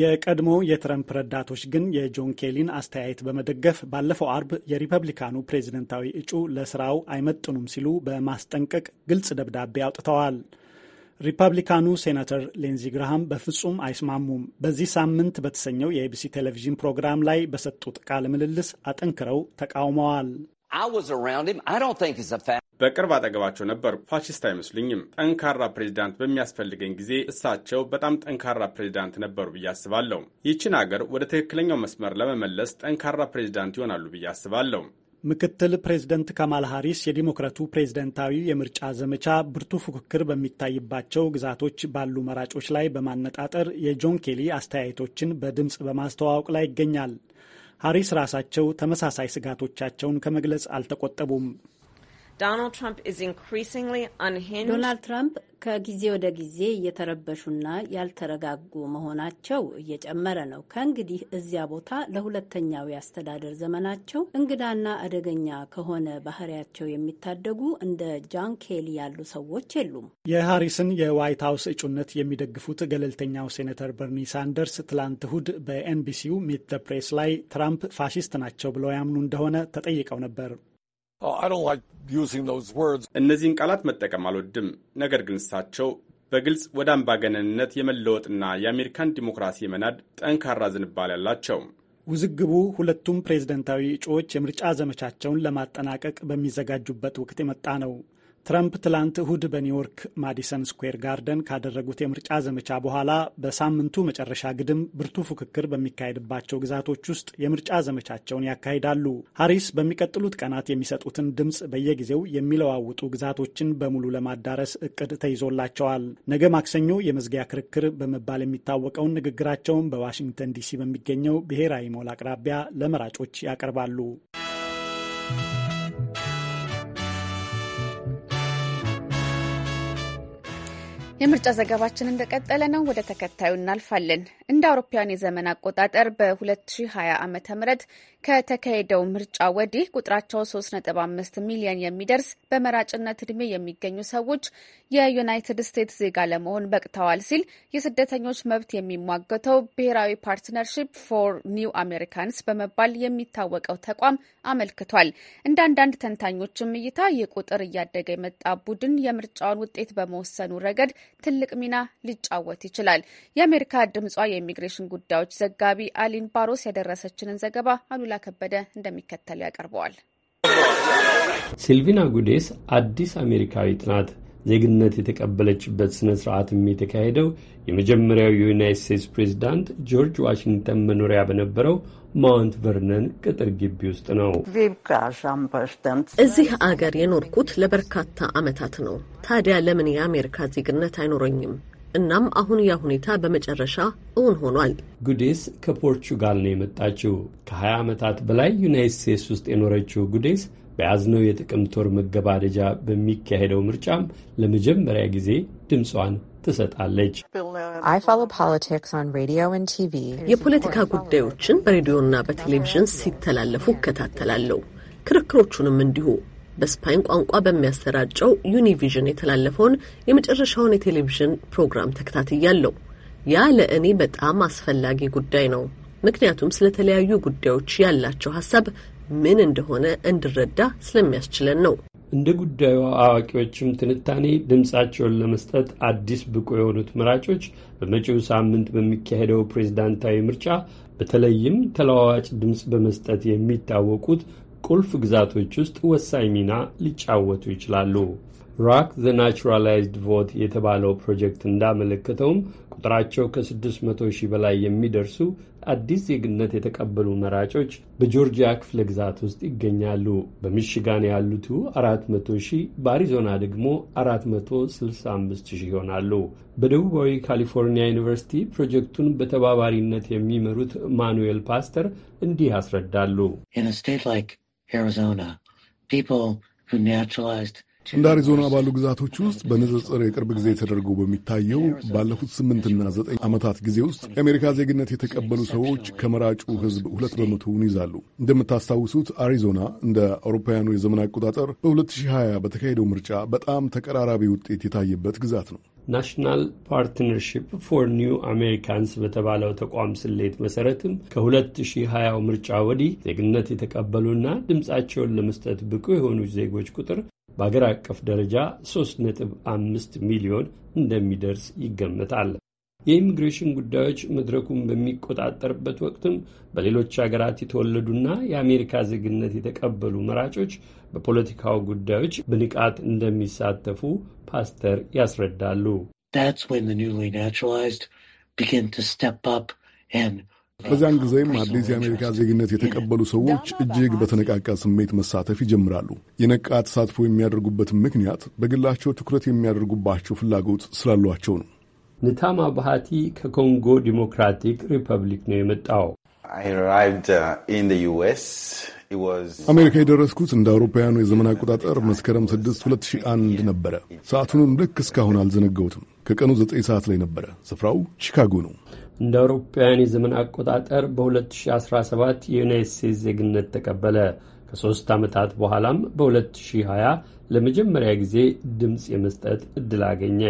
የቀድሞ የትረምፕ ረዳቶች ግን የጆን ኬሊን አስተያየት በመደገፍ ባለፈው አርብ የሪፐብሊካኑ ፕሬዝደንታዊ እጩ ለስራው አይመጥኑም ሲሉ በማስጠንቀቅ ግልጽ ደብዳቤ አውጥተዋል። ሪፐብሊካኑ ሴናተር ሌንዚ ግርሃም በፍጹም አይስማሙም። በዚህ ሳምንት በተሰኘው የኤቢሲ ቴሌቪዥን ፕሮግራም ላይ በሰጡት ቃለ ምልልስ አጠንክረው ተቃውመዋል። በቅርብ አጠገባቸው ነበር። ፋሽስት አይመስሉኝም። ጠንካራ ፕሬዚዳንት በሚያስፈልገን ጊዜ እሳቸው በጣም ጠንካራ ፕሬዚዳንት ነበሩ ብዬ አስባለሁ። ይህችን አገር ወደ ትክክለኛው መስመር ለመመለስ ጠንካራ ፕሬዚዳንት ይሆናሉ ብዬ አስባለሁ። ምክትል ፕሬዝደንት ካማል ሃሪስ የዲሞክራቱ ፕሬዝደንታዊ የምርጫ ዘመቻ ብርቱ ፉክክር በሚታይባቸው ግዛቶች ባሉ መራጮች ላይ በማነጣጠር የጆን ኬሊ አስተያየቶችን በድምፅ በማስተዋወቅ ላይ ይገኛል። ሃሪስ ራሳቸው ተመሳሳይ ስጋቶቻቸውን ከመግለጽ አልተቆጠቡም። ዶናልድ ትራምፕ ከጊዜ ወደ ጊዜ እየተረበሹና ያልተረጋጉ መሆናቸው እየጨመረ ነው። ከእንግዲህ እዚያ ቦታ ለሁለተኛው የአስተዳደር ዘመናቸው እንግዳና አደገኛ ከሆነ ባህሪያቸው የሚታደጉ እንደ ጃን ኬሊ ያሉ ሰዎች የሉም። የሃሪስን የዋይት ሀውስ እጩነት የሚደግፉት ገለልተኛው ሴኔተር በርኒ ሳንደርስ ትላንት እሁድ በኤንቢሲው ሚት ፕሬስ ላይ ትራምፕ ፋሽስት ናቸው ብለው ያምኑ እንደሆነ ተጠይቀው ነበር። Oh, እነዚህን ቃላት መጠቀም አልወድም። ነገር ግን እሳቸው በግልጽ ወደ አምባገነንነት የመለወጥና የአሜሪካን ዲሞክራሲ መናድ ጠንካራ ዝንባሌ ያላቸው ውዝግቡ ሁለቱም ፕሬዝደንታዊ እጩዎች የምርጫ ዘመቻቸውን ለማጠናቀቅ በሚዘጋጁበት ወቅት የመጣ ነው። ትራምፕ ትላንት እሁድ በኒውዮርክ ማዲሰን ስኩዌር ጋርደን ካደረጉት የምርጫ ዘመቻ በኋላ በሳምንቱ መጨረሻ ግድም ብርቱ ፉክክር በሚካሄድባቸው ግዛቶች ውስጥ የምርጫ ዘመቻቸውን ያካሂዳሉ። ሀሪስ በሚቀጥሉት ቀናት የሚሰጡትን ድምፅ በየጊዜው የሚለዋውጡ ግዛቶችን በሙሉ ለማዳረስ እቅድ ተይዞላቸዋል። ነገ ማክሰኞ የመዝጊያ ክርክር በመባል የሚታወቀውን ንግግራቸውን በዋሽንግተን ዲሲ በሚገኘው ብሔራዊ ሞል አቅራቢያ ለመራጮች ያቀርባሉ። የምርጫ ዘገባችን እንደቀጠለ ነው። ወደ ተከታዩ እናልፋለን። እንደ አውሮፓውያን የዘመን አቆጣጠር በ2020 ዓ ም ከተካሄደው ምርጫ ወዲህ ቁጥራቸው 3.5 ሚሊዮን የሚደርስ በመራጭነት ዕድሜ የሚገኙ ሰዎች የዩናይትድ ስቴትስ ዜጋ ለመሆን በቅተዋል ሲል የስደተኞች መብት የሚሟገተው ብሔራዊ ፓርትነርሺፕ ፎር ኒው አሜሪካንስ በመባል የሚታወቀው ተቋም አመልክቷል። እንደ አንዳንድ ተንታኞችም እይታ ይህ ቁጥር እያደገ የመጣ ቡድን የምርጫውን ውጤት በመወሰኑ ረገድ ትልቅ ሚና ሊጫወት ይችላል። የአሜሪካ ድምጿ የኢሚግሬሽን ጉዳዮች ዘጋቢ አሊን ባሮስ ያደረሰችንን ዘገባ አሉላ አሉላ ከበደ እንደሚከተለው ያቀርበዋል። ሲልቪና ጉዴስ አዲስ አሜሪካዊት ናት። ዜግነት የተቀበለችበት ስነ ስርዓትም የተካሄደው የመጀመሪያው የዩናይት ስቴትስ ፕሬዚዳንት ጆርጅ ዋሽንግተን መኖሪያ በነበረው ማውንት ቨርነን ቅጥር ግቢ ውስጥ ነው። እዚህ አገር የኖርኩት ለበርካታ ዓመታት ነው። ታዲያ ለምን የአሜሪካ ዜግነት አይኖረኝም? እናም አሁን ያ ሁኔታ በመጨረሻ እውን ሆኗል። ጉዴስ ከፖርቹጋል ነው የመጣችው። ከ20 ዓመታት በላይ ዩናይት ስቴትስ ውስጥ የኖረችው ጉዴስ በያዝነው የጥቅምት ወር መገባደጃ በሚካሄደው ምርጫም ለመጀመሪያ ጊዜ ድምጿን ትሰጣለች። የፖለቲካ ጉዳዮችን በሬዲዮና በቴሌቪዥን ሲተላለፉ እከታተላለሁ። ክርክሮቹንም እንዲሁ በስፓኝ ቋንቋ በሚያሰራጨው ዩኒቪዥን የተላለፈውን የመጨረሻውን የቴሌቪዥን ፕሮግራም ተከታትያለሁ። ያ ለእኔ በጣም አስፈላጊ ጉዳይ ነው፣ ምክንያቱም ስለተለያዩ ጉዳዮች ያላቸው ሀሳብ ምን እንደሆነ እንድረዳ ስለሚያስችለን ነው። እንደ ጉዳዩ አዋቂዎችም ትንታኔ ድምፃቸውን ለመስጠት አዲስ ብቁ የሆኑት መራጮች በመጪው ሳምንት በሚካሄደው ፕሬዝዳንታዊ ምርጫ በተለይም ተለዋዋጭ ድምፅ በመስጠት የሚታወቁት ቁልፍ ግዛቶች ውስጥ ወሳኝ ሚና ሊጫወቱ ይችላሉ። ራክ ዘ ናቹራላይዝድ ቮት የተባለው ፕሮጀክት እንዳመለከተውም ቁጥራቸው ከ600 ሺህ በላይ የሚደርሱ አዲስ ዜግነት የተቀበሉ መራጮች በጆርጂያ ክፍለ ግዛት ውስጥ ይገኛሉ። በሚሽጋን ያሉቱ 400 ሺህ፣ በአሪዞና ደግሞ 465 ሺህ ይሆናሉ። በደቡባዊ ካሊፎርኒያ ዩኒቨርሲቲ ፕሮጀክቱን በተባባሪነት የሚመሩት ማኑኤል ፓስተር እንዲህ ያስረዳሉ። እንደ አሪዞና ባሉ ግዛቶች ውስጥ በንጽጽር የቅርብ ጊዜ ተደርጎ በሚታየው ባለፉት ስምንትና ዘጠኝ ዓመታት ጊዜ ውስጥ የአሜሪካ ዜግነት የተቀበሉ ሰዎች ከመራጩ ሕዝብ ሁለት በመቶውን ይዛሉ። እንደምታስታውሱት አሪዞና እንደ አውሮፓውያኑ የዘመን አቆጣጠር በ2020 በተካሄደው ምርጫ በጣም ተቀራራቢ ውጤት የታየበት ግዛት ነው። ናሽናል ፓርትነርሺፕ ፎር ኒው አሜሪካንስ በተባለው ተቋም ስሌት መሰረትም ከ2020 ምርጫ ወዲህ ዜግነት የተቀበሉና ድምፃቸውን ለመስጠት ብቁ የሆኑ ዜጎች ቁጥር በአገር አቀፍ ደረጃ 3.5 ሚሊዮን እንደሚደርስ ይገመታል። የኢሚግሬሽን ጉዳዮች መድረኩን በሚቆጣጠርበት ወቅትም በሌሎች ሀገራት የተወለዱና የአሜሪካ ዜግነት የተቀበሉ መራጮች በፖለቲካው ጉዳዮች በንቃት እንደሚሳተፉ ፓስተር ያስረዳሉ። በዚያን ጊዜም አዲስ የአሜሪካ ዜግነት የተቀበሉ ሰዎች እጅግ በተነቃቃ ስሜት መሳተፍ ይጀምራሉ። የነቃ ተሳትፎ የሚያደርጉበትም ምክንያት በግላቸው ትኩረት የሚያደርጉባቸው ፍላጎት ስላሏቸው ነው። ንታማ ባህቲ ከኮንጎ ዲሞክራቲክ ሪፐብሊክ ነው የመጣው። አሜሪካ የደረስኩት እንደ አውሮፓውያኑ የዘመን አቆጣጠር መስከረም 6 2001 ነበረ። ሰዓቱንም ልክ እስካሁን አልዘነገውትም። ከቀኑ 9 ሰዓት ላይ ነበረ። ስፍራው ቺካጎ ነው። እንደ አውሮፓውያኑ የዘመን አቆጣጠር በ2017 የዩናይት ስቴትስ ዜግነት ተቀበለ። ከሶስት ዓመታት በኋላም በ2020 ለመጀመሪያ ጊዜ ድምፅ የመስጠት እድል አገኘ።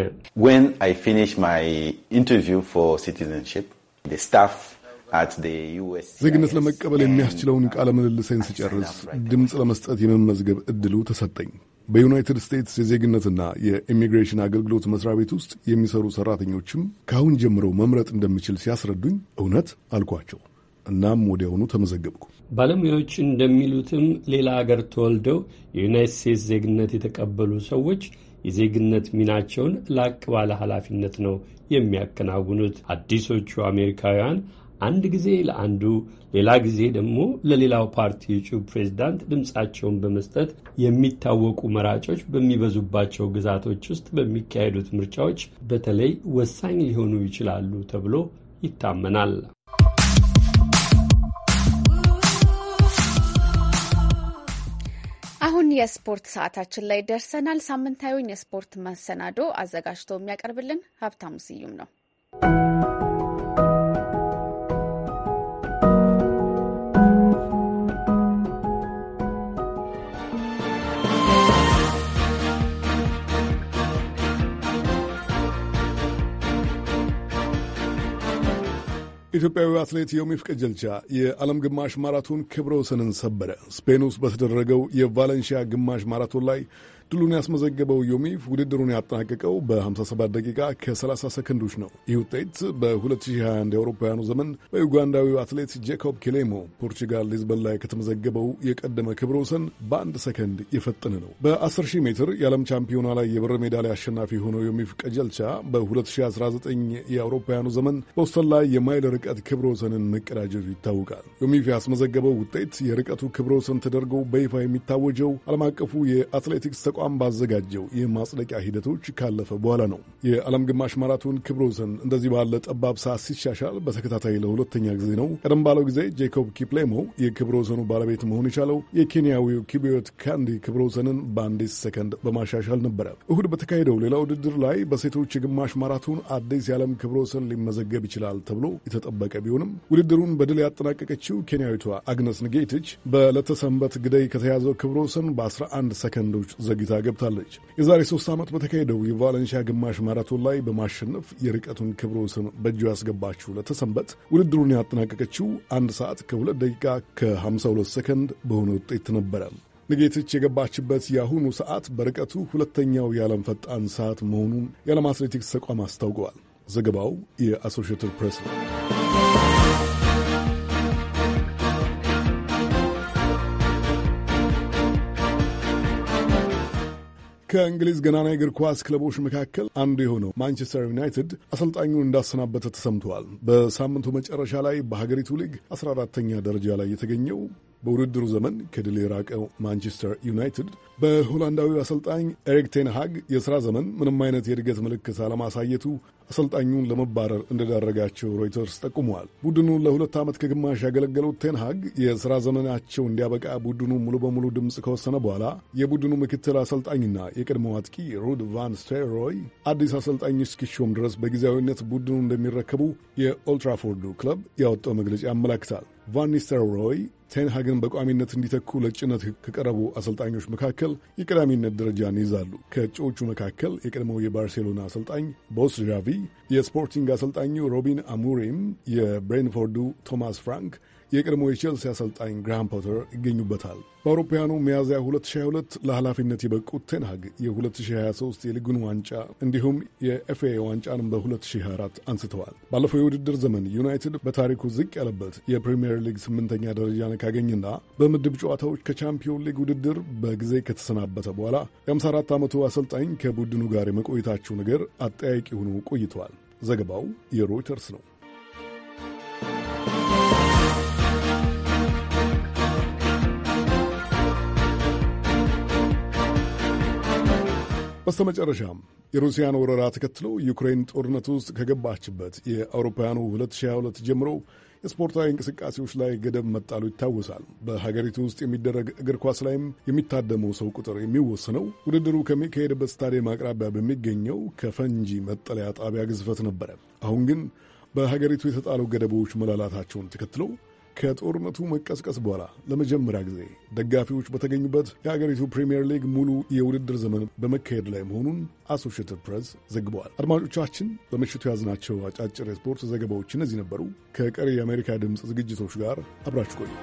ዜግነት ለመቀበል የሚያስችለውን ቃለ ምልልሴን ስጨርስ ድምፅ ለመስጠት የመመዝገብ እድሉ ተሰጠኝ። በዩናይትድ ስቴትስ የዜግነትና የኢሚግሬሽን አገልግሎት መስሪያ ቤት ውስጥ የሚሰሩ ሰራተኞችም ከአሁን ጀምሮ መምረጥ እንደምችል ሲያስረዱኝ እውነት አልኳቸው። እናም ወዲያውኑ ተመዘገብኩ። ባለሙያዎች እንደሚሉትም ሌላ አገር ተወልደው የዩናይት ስቴትስ ዜግነት የተቀበሉ ሰዎች የዜግነት ሚናቸውን ላቅ ባለ ኃላፊነት ነው የሚያከናውኑት። አዲሶቹ አሜሪካውያን አንድ ጊዜ ለአንዱ ሌላ ጊዜ ደግሞ ለሌላው ፓርቲ እጩ ፕሬዝዳንት ድምፃቸውን በመስጠት የሚታወቁ መራጮች በሚበዙባቸው ግዛቶች ውስጥ በሚካሄዱት ምርጫዎች በተለይ ወሳኝ ሊሆኑ ይችላሉ ተብሎ ይታመናል። አሁን የስፖርት ሰዓታችን ላይ ደርሰናል። ሳምንታዊውን የስፖርት መሰናዶ አዘጋጅቶ የሚያቀርብልን ሀብታሙ ስዩም ነው። ኢትዮጵያዊ አትሌት ዮሚፍ ቀጀልቻ የዓለም ግማሽ ማራቶን ክብረ ወሰንን ሰበረ። ስፔን ውስጥ በተደረገው የቫለንሺያ ግማሽ ማራቶን ላይ ድሉን ያስመዘገበው ዮሚፍ ውድድሩን ያጠናቀቀው በ57 ደቂቃ ከ30 ሰከንዶች ነው። ይህ ውጤት በ2021 የአውሮፓውያኑ ዘመን በዩጋንዳዊው አትሌት ጄኮብ ኪሌሞ ፖርቹጋል ሊዝበን ላይ ከተመዘገበው የቀደመ ክብረ ወሰን በአንድ ሰከንድ የፈጠነ ነው። በ10 ሜትር የዓለም ቻምፒዮና ላይ የብር ሜዳሊያ አሸናፊ የሆነው ዮሚፍ ቀጀልቻ በ2019 የአውሮፓውያኑ ዘመን ቦስተን ላይ የማይል ርቀት ክብረ ወሰንን መቀዳጀቱ ይታወቃል። ዮሚፍ ያስመዘገበው ውጤት የርቀቱ ክብረ ወሰን ተደርጎ በይፋ የሚታወጀው ዓለም አቀፉ የአትሌቲክስ ተቋ ተቋም ባዘጋጀው የማጽደቂያ ሂደቶች ካለፈ በኋላ ነው። የዓለም ግማሽ ማራቶን ክብረ ወሰን እንደዚህ ባለ ጠባብ ሰዓት ሲሻሻል በተከታታይ ለሁለተኛ ጊዜ ነው። ቀደም ባለው ጊዜ ጄኮብ ኪፕሌሞ የክብረ ወሰኑ ባለቤት መሆን የቻለው የኬንያዊው ኪቢዮት ካንዲ ክብረ ወሰንን ሰከንድ በማሻሻል ነበረ። እሁድ በተካሄደው ሌላ ውድድር ላይ በሴቶች የግማሽ ማራቶን አዲስ የዓለም ክብረ ወሰን ሊመዘገብ ይችላል ተብሎ የተጠበቀ ቢሆንም ውድድሩን በድል ያጠናቀቀችው ኬንያዊቷ አግነስ ንጌትች በዕለተ ሰንበት ግደይ ከተያዘው ክብረ ወሰን በ11 ሰከንዶች ዘግይታ ሁኔታ ገብታለች። የዛሬ ሶስት ዓመት በተካሄደው የቫለንሺያ ግማሽ ማራቶን ላይ በማሸነፍ የርቀቱን ክብረ ወሰን በእጇ ያስገባችው ለተሰንበት ውድድሩን ያጠናቀቀችው አንድ ሰዓት ከሁለት ደቂቃ ከ52 ሰከንድ በሆነ ውጤት ነበረ። ንጌትች የገባችበት የአሁኑ ሰዓት በርቀቱ ሁለተኛው የዓለም ፈጣን ሰዓት መሆኑን የዓለም አትሌቲክስ ተቋም አስታውቀዋል። ዘገባው የአሶሺየትድ ፕሬስ ነው። ከእንግሊዝ ገናና እግር ኳስ ክለቦች መካከል አንዱ የሆነው ማንቸስተር ዩናይትድ አሰልጣኙን እንዳሰናበተ ተሰምተዋል። በሳምንቱ መጨረሻ ላይ በሀገሪቱ ሊግ 14ተኛ ደረጃ ላይ የተገኘው በውድድሩ ዘመን ከድል የራቀው ማንቸስተር ዩናይትድ በሆላንዳዊው አሰልጣኝ ኤሪክ ቴንሃግ የሥራ ዘመን ምንም አይነት የእድገት ምልክት አለማሳየቱ አሰልጣኙን ለመባረር እንደዳረጋቸው ሮይተርስ ጠቁመዋል። ቡድኑ ለሁለት ዓመት ከግማሽ ያገለገሉት ቴንሃግ የሥራ ዘመናቸው እንዲያበቃ ቡድኑ ሙሉ በሙሉ ድምፅ ከወሰነ በኋላ የቡድኑ ምክትል አሰልጣኝና የቀድሞ አጥቂ ሩድ ቫን ስቴሮይ አዲስ አሰልጣኝ እስኪሾም ድረስ በጊዜያዊነት ቡድኑ እንደሚረከቡ የኦልትራፎርዱ ክለብ ያወጣው መግለጫ ያመላክታል። ቫኒስተሮይ ቴንሃግን በቋሚነት እንዲተኩ ለጭነት ከቀረቡ አሰልጣኞች መካከል የቀዳሚነት ደረጃን ይዛሉ። ከእጩዎቹ መካከል የቀድሞው የባርሴሎና አሰልጣኝ ቦስ ዣቪ፣ የስፖርቲንግ አሰልጣኙ ሮቢን አሙሪም፣ የብሬንፎርዱ ቶማስ ፍራንክ የቀድሞ የቼልሲ አሰልጣኝ ግራም ፖተር ይገኙበታል። በአውሮፓውያኑ ሚያዝያ 2022 ለኃላፊነት የበቁት ቴንሃግ የ2023 የሊጉን ዋንጫ እንዲሁም የኤፍኤ ዋንጫን በ2024 አንስተዋል። ባለፈው የውድድር ዘመን ዩናይትድ በታሪኩ ዝቅ ያለበት የፕሪምየር ሊግ ስምንተኛ ደረጃን ካገኝና በምድብ ጨዋታዎች ከቻምፒዮን ሊግ ውድድር በጊዜ ከተሰናበተ በኋላ የ54 ዓመቱ አሰልጣኝ ከቡድኑ ጋር የመቆየታቸው ነገር አጠያቂ ሆኖ ቆይተዋል። ዘገባው የሮይተርስ ነው። በስተመጨረሻም የሩሲያን ወረራ ተከትሎ ዩክሬን ጦርነት ውስጥ ከገባችበት የአውሮፓውያኑ 2022 ጀምሮ የስፖርታዊ እንቅስቃሴዎች ላይ ገደብ መጣሉ ይታወሳል። በሀገሪቱ ውስጥ የሚደረግ እግር ኳስ ላይም የሚታደመው ሰው ቁጥር የሚወስነው ውድድሩ ከሚካሄድበት ስታዲየም አቅራቢያ በሚገኘው ከፈንጂ መጠለያ ጣቢያ ግዝፈት ነበረ። አሁን ግን በሀገሪቱ የተጣሉ ገደቦች መላላታቸውን ተከትለው ከጦርነቱ መቀስቀስ በኋላ ለመጀመሪያ ጊዜ ደጋፊዎች በተገኙበት የአገሪቱ ፕሪምየር ሊግ ሙሉ የውድድር ዘመን በመካሄድ ላይ መሆኑን አሶሽትድ ፕሬስ ዘግበዋል። አድማጮቻችን፣ ለምሽቱ ያዝናቸው አጫጭር የስፖርት ዘገባዎች እነዚህ ነበሩ። ከቀሪ የአሜሪካ ድምፅ ዝግጅቶች ጋር አብራችሁ ቆዩ።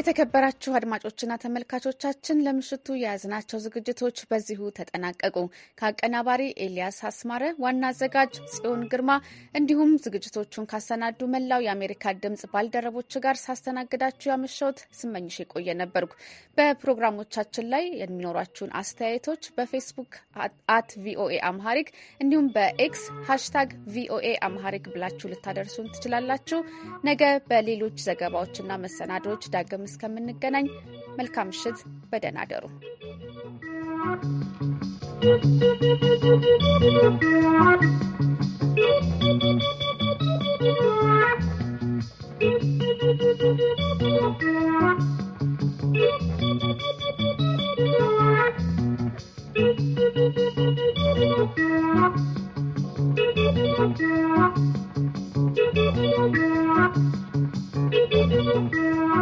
የተከበራችሁ አድማጮችና ተመልካቾቻችን ለምሽቱ የያዝናቸው ዝግጅቶች በዚሁ ተጠናቀቁ። ከአቀናባሪ ኤልያስ አስማረ፣ ዋና አዘጋጅ ጽዮን ግርማ እንዲሁም ዝግጅቶቹን ካሰናዱ መላው የአሜሪካ ድምጽ ባልደረቦች ጋር ሳስተናግዳችሁ ያመሸሁት ስመኝሽ የቆየ ነበርኩ። በፕሮግራሞቻችን ላይ የሚኖሯችሁን አስተያየቶች በፌስቡክ አት ቪኦኤ አምሃሪክ እንዲሁም በኤክስ ሃሽታግ ቪኦኤ አምሃሪክ ብላችሁ ልታደርሱን ትችላላችሁ። ነገ በሌሎች ዘገባዎችና መሰናዶዎች ዳግም እስከምንገናኝ መልካም ምሽት፣ በደህና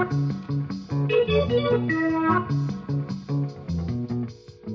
you. Música